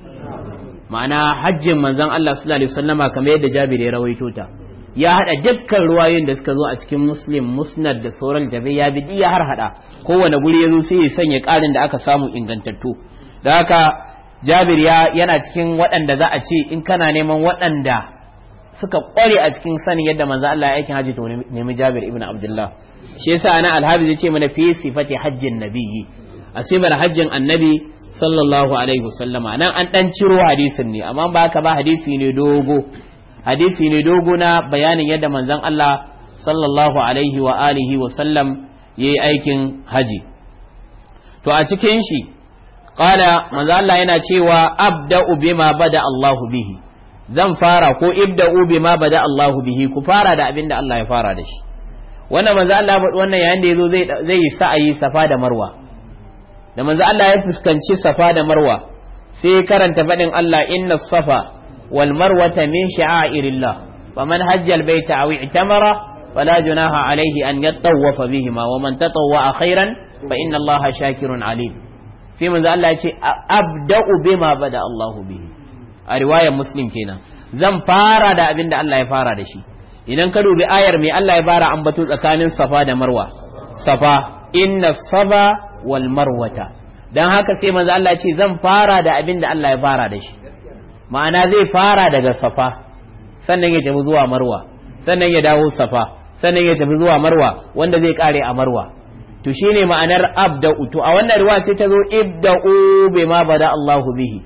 ma'ana hajjin manzon Allah sallallahu alaihi wasallama kamar yadda Jabir ya rawaito ta ya hada dukkan ruwayoyin da suka zo a cikin Muslim Musnad da sauran da ya bi ya har hada kowane guri yazo sai ya sanya karin da aka samu ingantattu da haka Jabir ya yana cikin waɗanda za a ce in kana neman waɗanda suka ƙware a cikin sanin yadda manzon Allah ya aikin hajji to nemi Jabir ibn Abdullah shi yasa ana alhabi zai ce mana fi sifati hajjin nabiyyi a hajjin annabi sallallahu alaihi wasallama nan an dan ciro hadisin ne amma ba ka ba hadisi ne dogo hadisi ne dogo na bayanin yadda manzon Allah sallallahu alaihi wa alihi wa sallam yayi aikin haji to a cikin shi qala manzon Allah yana cewa abda'u bima bada Allahu bihi zan fara ko ibda'u bima bada Allahu bihi ku fara da abin da Allah ya fara da shi wannan manzon Allah wannan yayin da yazo zai zai sa'ayi safa da marwa da manzo Allah ya fuskanci safa da marwa sai karanta faɗin Allah inna safa wal marwata min sha'airillah faman hajja baita aw i'tamara fala junaha alayhi an yattawafa bihima wa man tatawwa khairan fa inna Allah shakirun alim sai manzo Allah ya ce abda'u bima bada Allahu bihi a riwayar muslim kenan zan fara da abin da Allah ya fara da shi idan ka dubi ayar mai Allah ya fara ambato tsakanin safa da marwa safa inna safa wal marwata dan haka sai manzo Allah ce zan fara da abin da Allah ya fara da shi ma'ana zai fara daga safa sannan ya tafi zuwa marwa sannan ya dawo safa sannan ya tafi zuwa marwa wanda zai kare a marwa to shine ma'anar ab'da to a wannan ruwa sai ta zo ibda'u ma bada Allahu bihi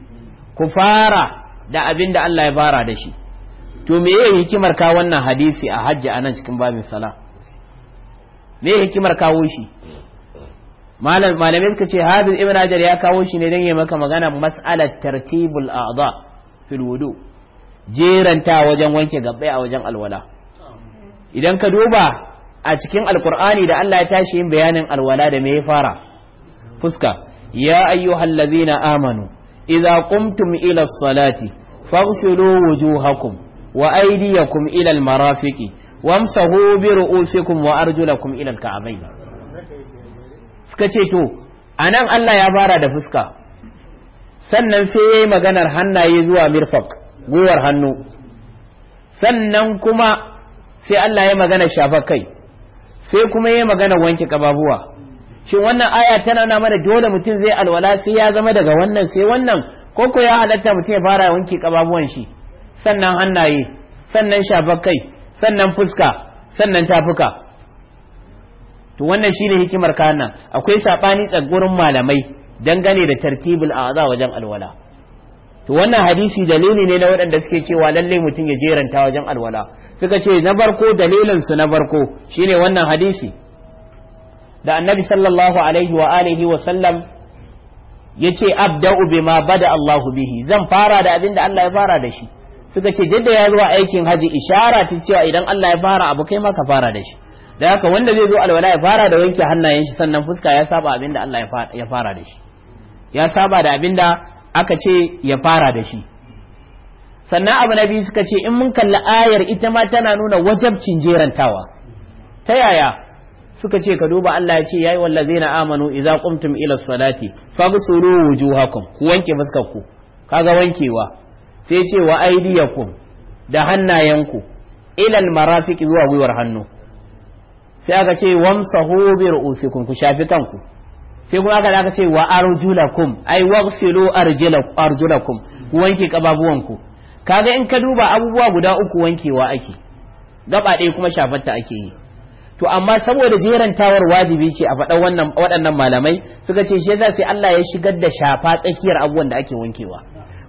ku fara da abin da Allah ya fara da shi to me yake hikimar ka wannan hadisi a hajji anan cikin babin sala me hikimar kawo shi malamai suka ce hadin ibn hajar ya kawo shi ne don ya maka magana mas'alar tartibul a'dha fil wudu jeranta wajen wanke gabbai a wajen alwala idan ka duba a cikin alkur'ani da Allah ya tashi yin bayanin alwala da me ya fara fuska ya ayyuhallazina amanu idza qumtum ila salati faghsilu wujuhakum wa aydiyakum ila almarafiqi wamsahu bi ru'usikum wa arjulakum ila alka'bayn suka ce to a nan Allah ya fara da fuska sannan sai ya yi maganar hannaye zuwa mirfak gwiwar hannu sannan kuma sai Allah ya magana shafa kai sai kuma ya magana wanke kababuwa shin wannan aya tana na mana dole mutum zai alwala sai ya zama daga wannan sai wannan ko ko ya halatta mutum ya fara wanke kababuwan shi sannan hannaye sannan shafa kai sannan fuska sannan tafuka to wannan shine hikimar kana akwai sabani tsagurin malamai dangane da tartibul a'za wajen alwala to wannan hadisi dalili ne na waɗanda suke cewa lalle mutum ya jeranta wajen alwala suka ce na barko dalilin su na barko shine wannan hadisi da annabi sallallahu alaihi wa alihi wa sallam yace abda'u bima bada Allahu bihi zan fara da abin da Allah ya fara da shi suka ce jidda ya zuwa aikin haji ishara ta cewa idan Allah ya fara abu kai ma ka fara da shi da haka wanda zai zo alwala ya fara da wanke hannayen shi sannan fuska ya saba abin da Allah ya fara da shi ya saba da abin da aka ce ya fara da shi sannan abu na biyu suka ce in mun kalli ayar ita ma tana nuna wajabcin jerantawa ta yaya suka ce ka duba Allah ya ce ya yayi na amanu idza qumtum ila salati faghsulu wujuhakum ku wanke fuskarku kaga wankewa sai ce wa aydiyakum da hannayenku ilal marafiq zuwa gwiwar hannu sai aka ce wamsa bi ru'usikum ku shafi kanku sai kuma aka aka ce wa arjulakum ai waghsilu arjulakum ku wanke kababuwanku kaga in ka duba abubuwa guda uku wankewa ake gaba ɗaya kuma shafarta ake yi to amma saboda jeran jerantawar wajibi ce a faɗa wannan waɗannan malamai suka ce shi yasa sai Allah ya shigar da shafa tsakiyar abubuwan da ake wankewa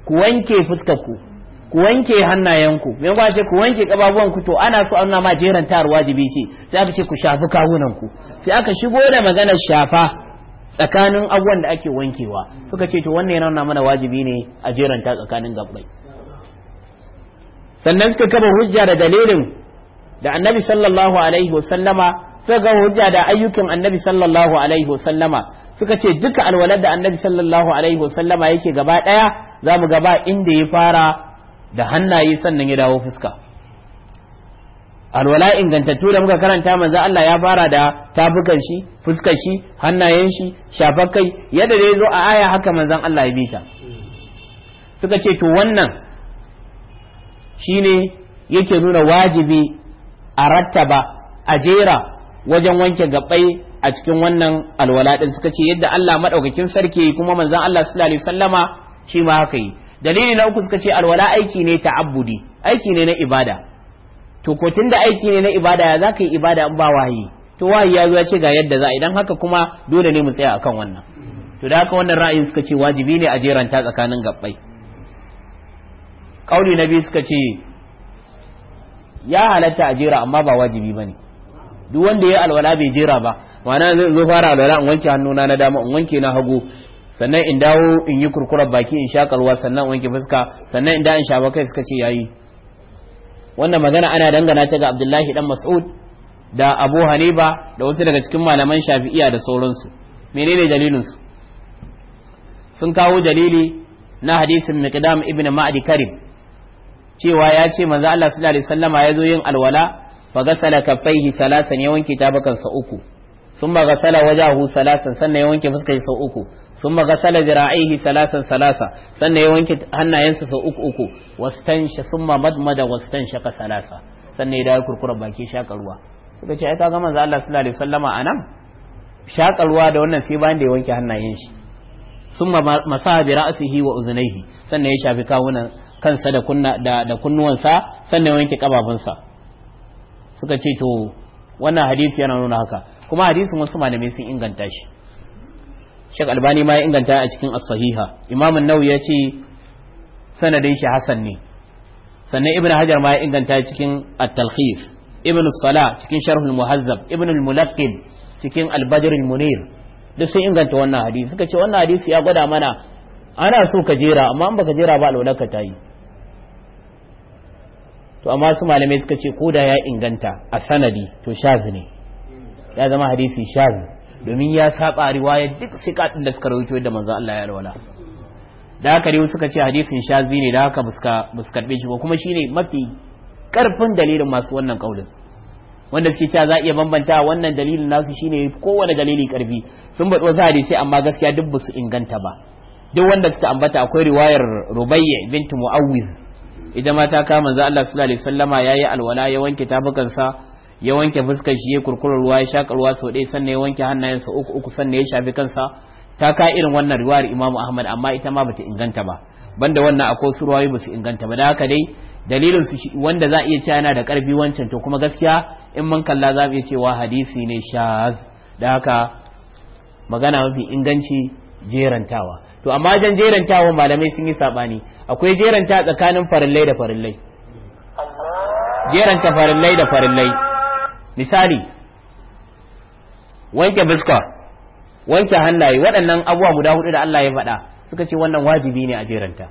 ku wanke fuskar ku ku wanke hannayenku me ba ce ku wanke kababuwanku to ana so ana ma jeran tar wajibi ce sai aka ce ku shafi kawunanku sai aka shigo da magana shafa tsakanin abubuwan da ake wankewa suka ce to wannan yana mana wajibi ne a jeran ta tsakanin gabbai sannan suka kaba hujja da dalilin da annabi sallallahu alaihi wasallama suka ga hujja da ayyukan annabi sallallahu alaihi wasallama suka ce duka alwalar da annabi sallallahu alaihi wasallama yake gaba daya zamu gaba inda ya fara da hannaye sannan ya dawo fuska alwala ingantattu da muka karanta manzo Allah ya fara da tafukan shi fuskar shi hannayen shi shafakai yadda da ya zo a aya haka manzo Allah ya bita suka ce to wannan shine yake nuna wajibi a rattaba a jera wajen wanke gabai a cikin wannan alwala din suka ce yadda Allah madaukakin sarki kuma manzo Allah sallallahu alaihi wasallama shi ma haka yi dalili na uku suka ce alwala aiki ne ta'abbudi aiki ne na ibada to ko tunda aiki ne na ibada ya zaka yi ibada in ba wahayi to wahayi ya zo ce ga yadda za idan haka kuma dole ne mu tsaya akan wannan to da haka wannan ra'ayin suka ce wajibi ne a jeranta tsakanin gabbai kauli na biyu suka ce ya halatta a jera amma ba wajibi bane duk wanda ya alwala bai jera ba ma'ana zai zo fara alwala in wanke hannuna na dama in wanke na hagu sannan in dawo in yi kurkura baki in sha kalwa sannan wanke fuska sannan in da in shafa kai suka ce yayi wannan magana ana dangana ta ga Abdullahi dan Mas'ud da Abu Hanifa da wasu daga cikin malaman Shafi'iya da sauransu menene dalilin su sun kawo dalili na hadisin Miqdam ibn Ma'd Karim cewa ya ce manzo Allah sallallahu alaihi wasallama ya zo yin alwala fa gasala kaffaihi salasan ya wanke tabakan sa uku sun ba gasala wajahu salasan sannan ya wanke sa uku sun غسل ذراعيه ثلاثا salasa sannan ya wanke hannayensa sau uku uku ثم sun ma ثلاثا ثم ka salasa sannan ya الوا kurkurar baki shaƙa ruwa suka ce ai ka gama za Allah sallallahu alaihi wasallama a nan shaƙa ruwa da wannan sai bayan da ya wanke hannayen shi sun ma masaha wa da kunnuwan sa, sannan ya wanke kababansa suka ce to wannan hadisi yana nuna haka kuma hadisin wasu malamai sun inganta shi shek albani ma ya inganta a cikin as-sahiha imamun nau ya ce sanadin shi hasan ne sannan ibn hajar ma ya inganta cikin at ibn sala cikin sharhul muhazzab ibn al-mulaqqin cikin al-badr al-munir duk sun inganta wannan hadisi suka ce wannan hadisi ya gwada mana ana so ka jera amma an baka jera ba alwalarka ta yi to amma su malamai suka ce ko da ya inganta a sanadi to shaz ne ya zama hadisi shaz domin ya saba riwaya duk siqatin da suka rawaito da manzo Allah ya alwala da haka dai suka ce hadisin shazi ne da haka buska bin shi ba kuma shine mafi karfin dalilin masu wannan kaulin wanda suke cewa za a iya bambanta wannan dalilin nasu shine kowane dalili karfi sun baɗo wasu a amma gaskiya duk ba su inganta ba duk wanda suka ambata akwai riwayar rubayya bint Muawiz. ita ma ta kama manzo Allah sallallahu alaihi wasallama yayi alwala ya wanke sa. ya wanke fuskar shi ya kurkura ruwa ya shaka ruwa sau ɗaya sannan ya wanke hannayensa uku uku sannan ya shafi kansa ta ka irin wannan riwayar Imam Ahmad amma ita ma bata inganta ba banda wannan akwai su ruwayoyi basu inganta ba da haka dai dalilin su wanda za a iya cewa yana da karfi wancan to kuma gaskiya in mun kalla za mu iya cewa hadisi ne shaz da haka magana mafi inganci jerantawa to amma jan jerantawa malamai sun yi sabani akwai jeranta tsakanin farillai da farillai jeranta farillai da farillai misali wanke biska wanke hannaye waɗannan abubuwa guda hudu da Allah ya faɗa suka ce wannan wajibi ne a jeranta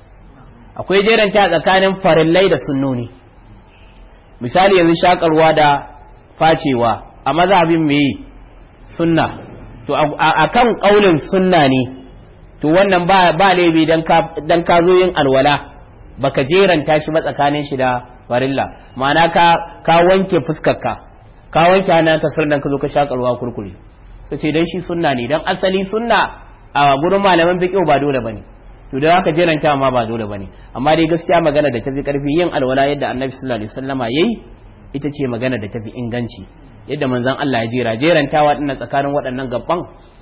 akwai jeranta tsakanin farillai da sunnoni misali yanzu shakarwa da facewa a mazhabin me sunna to akan kaulin sunna ne to wannan ba laibi laifi dan ka zo yin alwala baka jeranta shi ba tsakanin shi da farilla ma'ana ka ka wanke fuskarka ka wanke hannun tasfir nan ka zo ka shakarwa kurkure ka ce dan shi sunna ne dan asali sunna a gurin malaman fiqh ba dole bane to da haka jiran ta ma ba dole bane amma dai gaskiya magana da tafi karfi yin alwala yadda annabi sallallahu alaihi wasallama yayi ita ce magana da tafi inganci yadda manzon Allah ya jera jeran ta tsakanin waɗannan gabban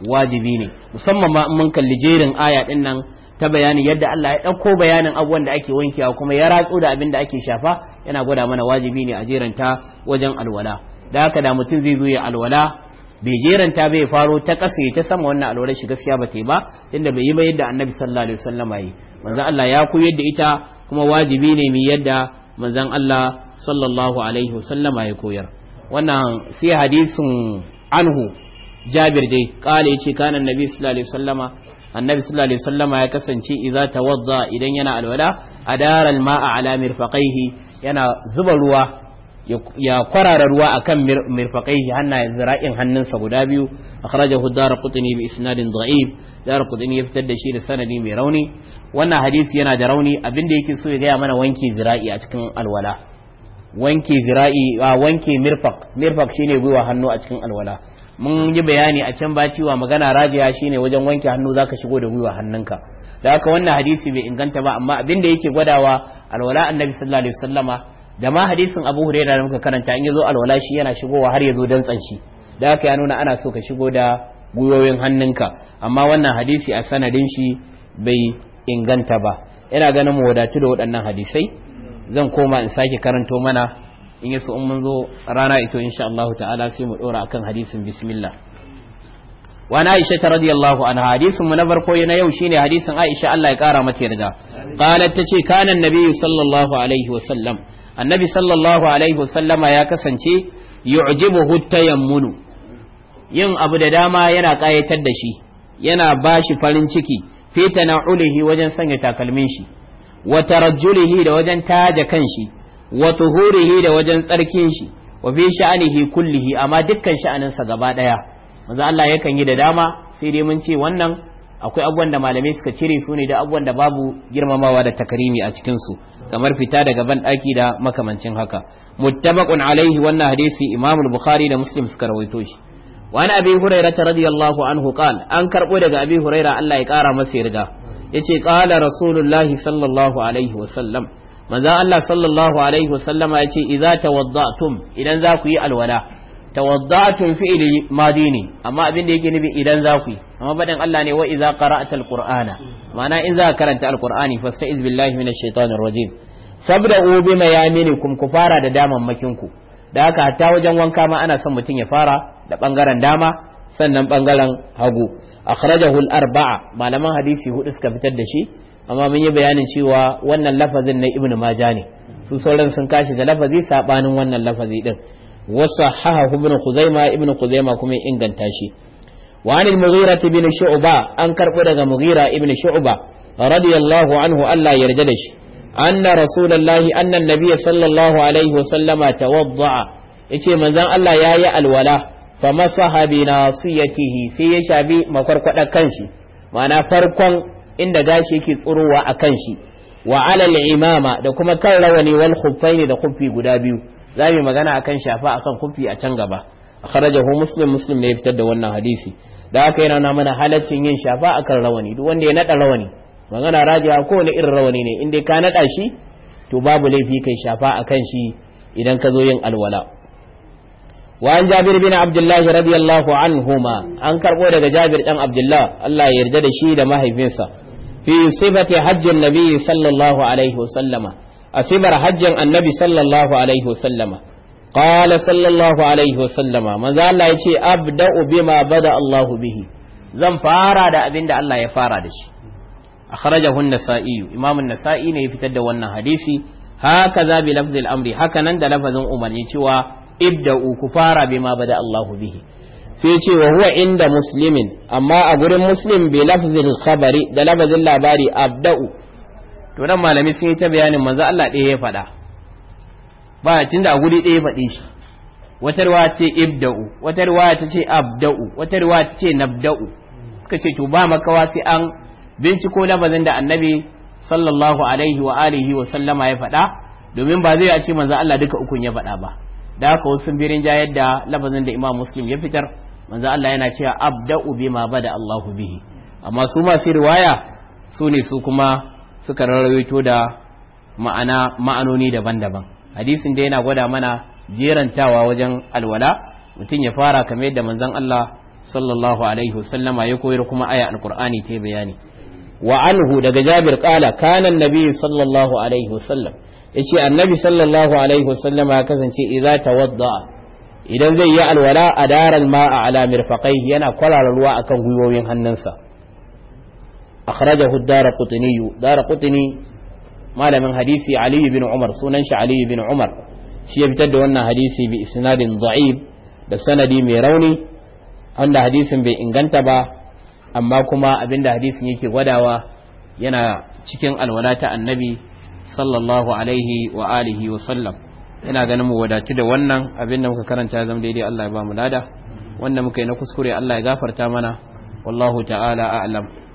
wajibi ne musamman ma mun kalli jerin aya din nan ta bayani yadda Allah ya ɗauko bayanin abuwan da ake wankewa kuma ya ratso da abin da ake shafa yana gwada mana wajibi ne a jeranta wajen alwala da haka da mutum zai zo alwala bai jeran ta bai faro ta kasa ta sama wannan alwalar shi gaskiya ba ta yi ba inda bai yi ba yadda annabi sallallahu alaihi wasallam yi manzon Allah ya koyar da ita kuma wajibi ne mu yadda manzon Allah sallallahu alaihi wasallam ya koyar wannan sai hadisin anhu jabir dai kala yace kana annabi sallallahu alaihi wasallama annabi sallallahu alaihi wasallama ya kasance idza tawadda idan yana alwala adara alma'a ala mirfaqaihi yana zuba ruwa ya kwarara ruwa akan mirfaqaihi hannayen zira'in hannunsa guda biyu akhrajahu darqutni bi isnadin da'if darqutni ya fitar da shi da sanadi mai rauni wannan hadisi yana da rauni abinda yake so ya gaya mana wanke zira'i a cikin alwala wanke zira'i a wanke mirfaq mirfaq shine gwiwa hannu a cikin alwala mun yi bayani a can ba cewa magana rajiya shine wajen wanke hannu zaka shigo da gwiwa hannunka da haka wannan hadisi bai inganta ba amma abinda yake gwadawa alwala annabi sallallahu alaihi wasallama da ma hadisin abu huraira da muka karanta in yazo alwala shi yana shigowa har yazo dantsan shi da haka ya nuna ana so ka shigo da gwiwoyin hannunka amma wannan hadisi a sanadin shi bai inganta ba ina ganin mu wadatu da waɗannan hadisai zan koma in sake karanto mana in yaso in mun zo rana ito insha Allah ta'ala sai mu dora akan hadisin bismillah wa na aisha ta radiyallahu anha hadisin mu na farko na yau shine hadisin aisha Allah ya kara mata yarda qalat tace kana annabi sallallahu alaihi wa annabi sallallahu alaihi wasallama ya kasance yu'jibuhu tayammunu yin abu da dama yana kayatar da shi yana bashi farin ciki fi ulihi wajen sanya takalmin shi wa tarajjulihi da wajen taja kanshi wa tuhurihi da wajen tsarkin shi wa fi sha'anihi kullihi amma dukkan sha'aninsa gaba daya manzo Allah yakan yi da dama sai dai mun ce wannan akwai abubuwan da malamai suka cire su ne da abubuwan da babu girmamawa da takarimi a cikinsu kamar fita daga ban ɗaki da makamancin haka muttabaqun alaihi wannan hadisi imam bukhari da muslim suka rawaito shi wani abi huraira radiyallahu anhu qal an karbo daga abi huraira Allah ya kara masa yarda yace qala rasulullahi sallallahu alaihi wa sallam manzo Allah sallallahu alaihi wa sallama yace idza tawadda'tum idan za ku yi alwala tawaddatun fi'ili madi ne amma abin da yake nufi idan za ku yi amma badan Allah ne wa idza qara'ta alqur'ana ma'ana in za ka karanta alqur'ani fasta'iz billahi minash shaitanir rajim sabda'u bima yaminikum ku fara da damammakin ku da haka hatta wajen wanka ma ana son mutum ya fara da bangaren dama sannan bangaren hagu akhrajahu al-arba'a malaman hadisi hudu suka fitar da shi amma mun yi bayanin cewa wannan lafazin na ibnu Majani ne su sauran sun kashi da lafazi sabanin wannan lafazi din wasa haha ibn khuzaima ibn khuzaima kuma inganta shi wa an al-mughira ibn shu'ba an karɓi daga mughira ibn shu'ba radiyallahu anhu Allah yarda da shi anna rasulullahi anna nabiyya sallallahu alaihi wa sallama tawadda'a yace manzon Allah yayi alwala fa masaha bi nasiyatihi sai ya shabi makwarkwada kanshi ma'ana farkon inda gashi yake tsurowa a kanshi shi. alal imama da kuma kan rawani wal khuffaini da khuffi guda biyu za mu magana akan shafa akan kufi a can gaba A akhrajahu muslim muslim ne fitar da wannan hadisi da aka yi na mana halaccin yin shafa akan rawani duk wanda ya naɗa rawani magana rajiya kowane irin rawani ne inda ka naɗa shi to babu laifi kai shafa akan shi idan ka zo yin alwala wa an jabir bin abdullah radiyallahu anhuma an karbo daga jabir dan abdullah Allah ya yarda da shi da mahaifinsa fi sifati hajjin nabi sallallahu alaihi wasallama asibar hajjin annabi sallallahu alaihi wasallama qala sallallahu alaihi wasallama manzo Allah yace abda'u bima bada Allahu bihi zan fara da abin da Allah ya fara da shi akhrajahu an-nasa'i imam an-nasa'i ne ya fitar da wannan hadisi haka za bi lafzil amri haka nan da lafazin umarni cewa ibda'u ku fara bima bada Allahu bihi sai ce wa huwa inda muslimin amma a gurin muslim bi lafzil khabari da lafazin labari abda'u to nan malami sun yi ta bayanin manzo Allah ɗaya ya faɗa ba tunda a guri ɗaya ya faɗe shi wata ruwa ce ibda'u wata ruwa ta ce abda'u wata ruwa ta ce nabda'u suka ce to ba makawa sai an binciko lafazin da annabi sallallahu alaihi wa alihi wa sallama ya faɗa domin ba zai a ce manzo Allah duka ukun ya faɗa ba da haka wasu birin jayar da lafazin da Imam Muslim ya fitar manzo Allah yana cewa abda'u bima bada Allahu bihi amma su masu riwaya su ne su kuma suka rarrawaito da ma'ana ma'anoni daban-daban hadisin da yana gwada mana jerantawa wajen alwala mutum ya fara kamar yadda manzon Allah sallallahu alaihi wasallama ya koyar kuma aya alqur'ani ta bayani wa alhu daga Jabir qala kana annabi sallallahu alaihi wasallam yace annabi sallallahu alaihi wasallama ya kasance idza tawadda idan zai yi alwala a daral ma'a ala mirfaqai yana kwarara ruwa akan gwiwoyin hannunsa akhrajahu ad-darqutni darqutni malamin hadisi ali bin umar sunan shi ali bin umar shi ya fitar da wannan hadisi bi isnadin da'if da sanadi mai rauni wanda hadisin bai inganta ba amma kuma abinda hadisin yake gwadawa yana cikin alwala ta annabi sallallahu alaihi wa alihi wa sallam ina ganin mu wadatu da wannan abin da muka karanta zama daidai Allah ya ba mu lada wanda muka yi na kuskure Allah ya gafarta mana wallahu ta'ala a'lam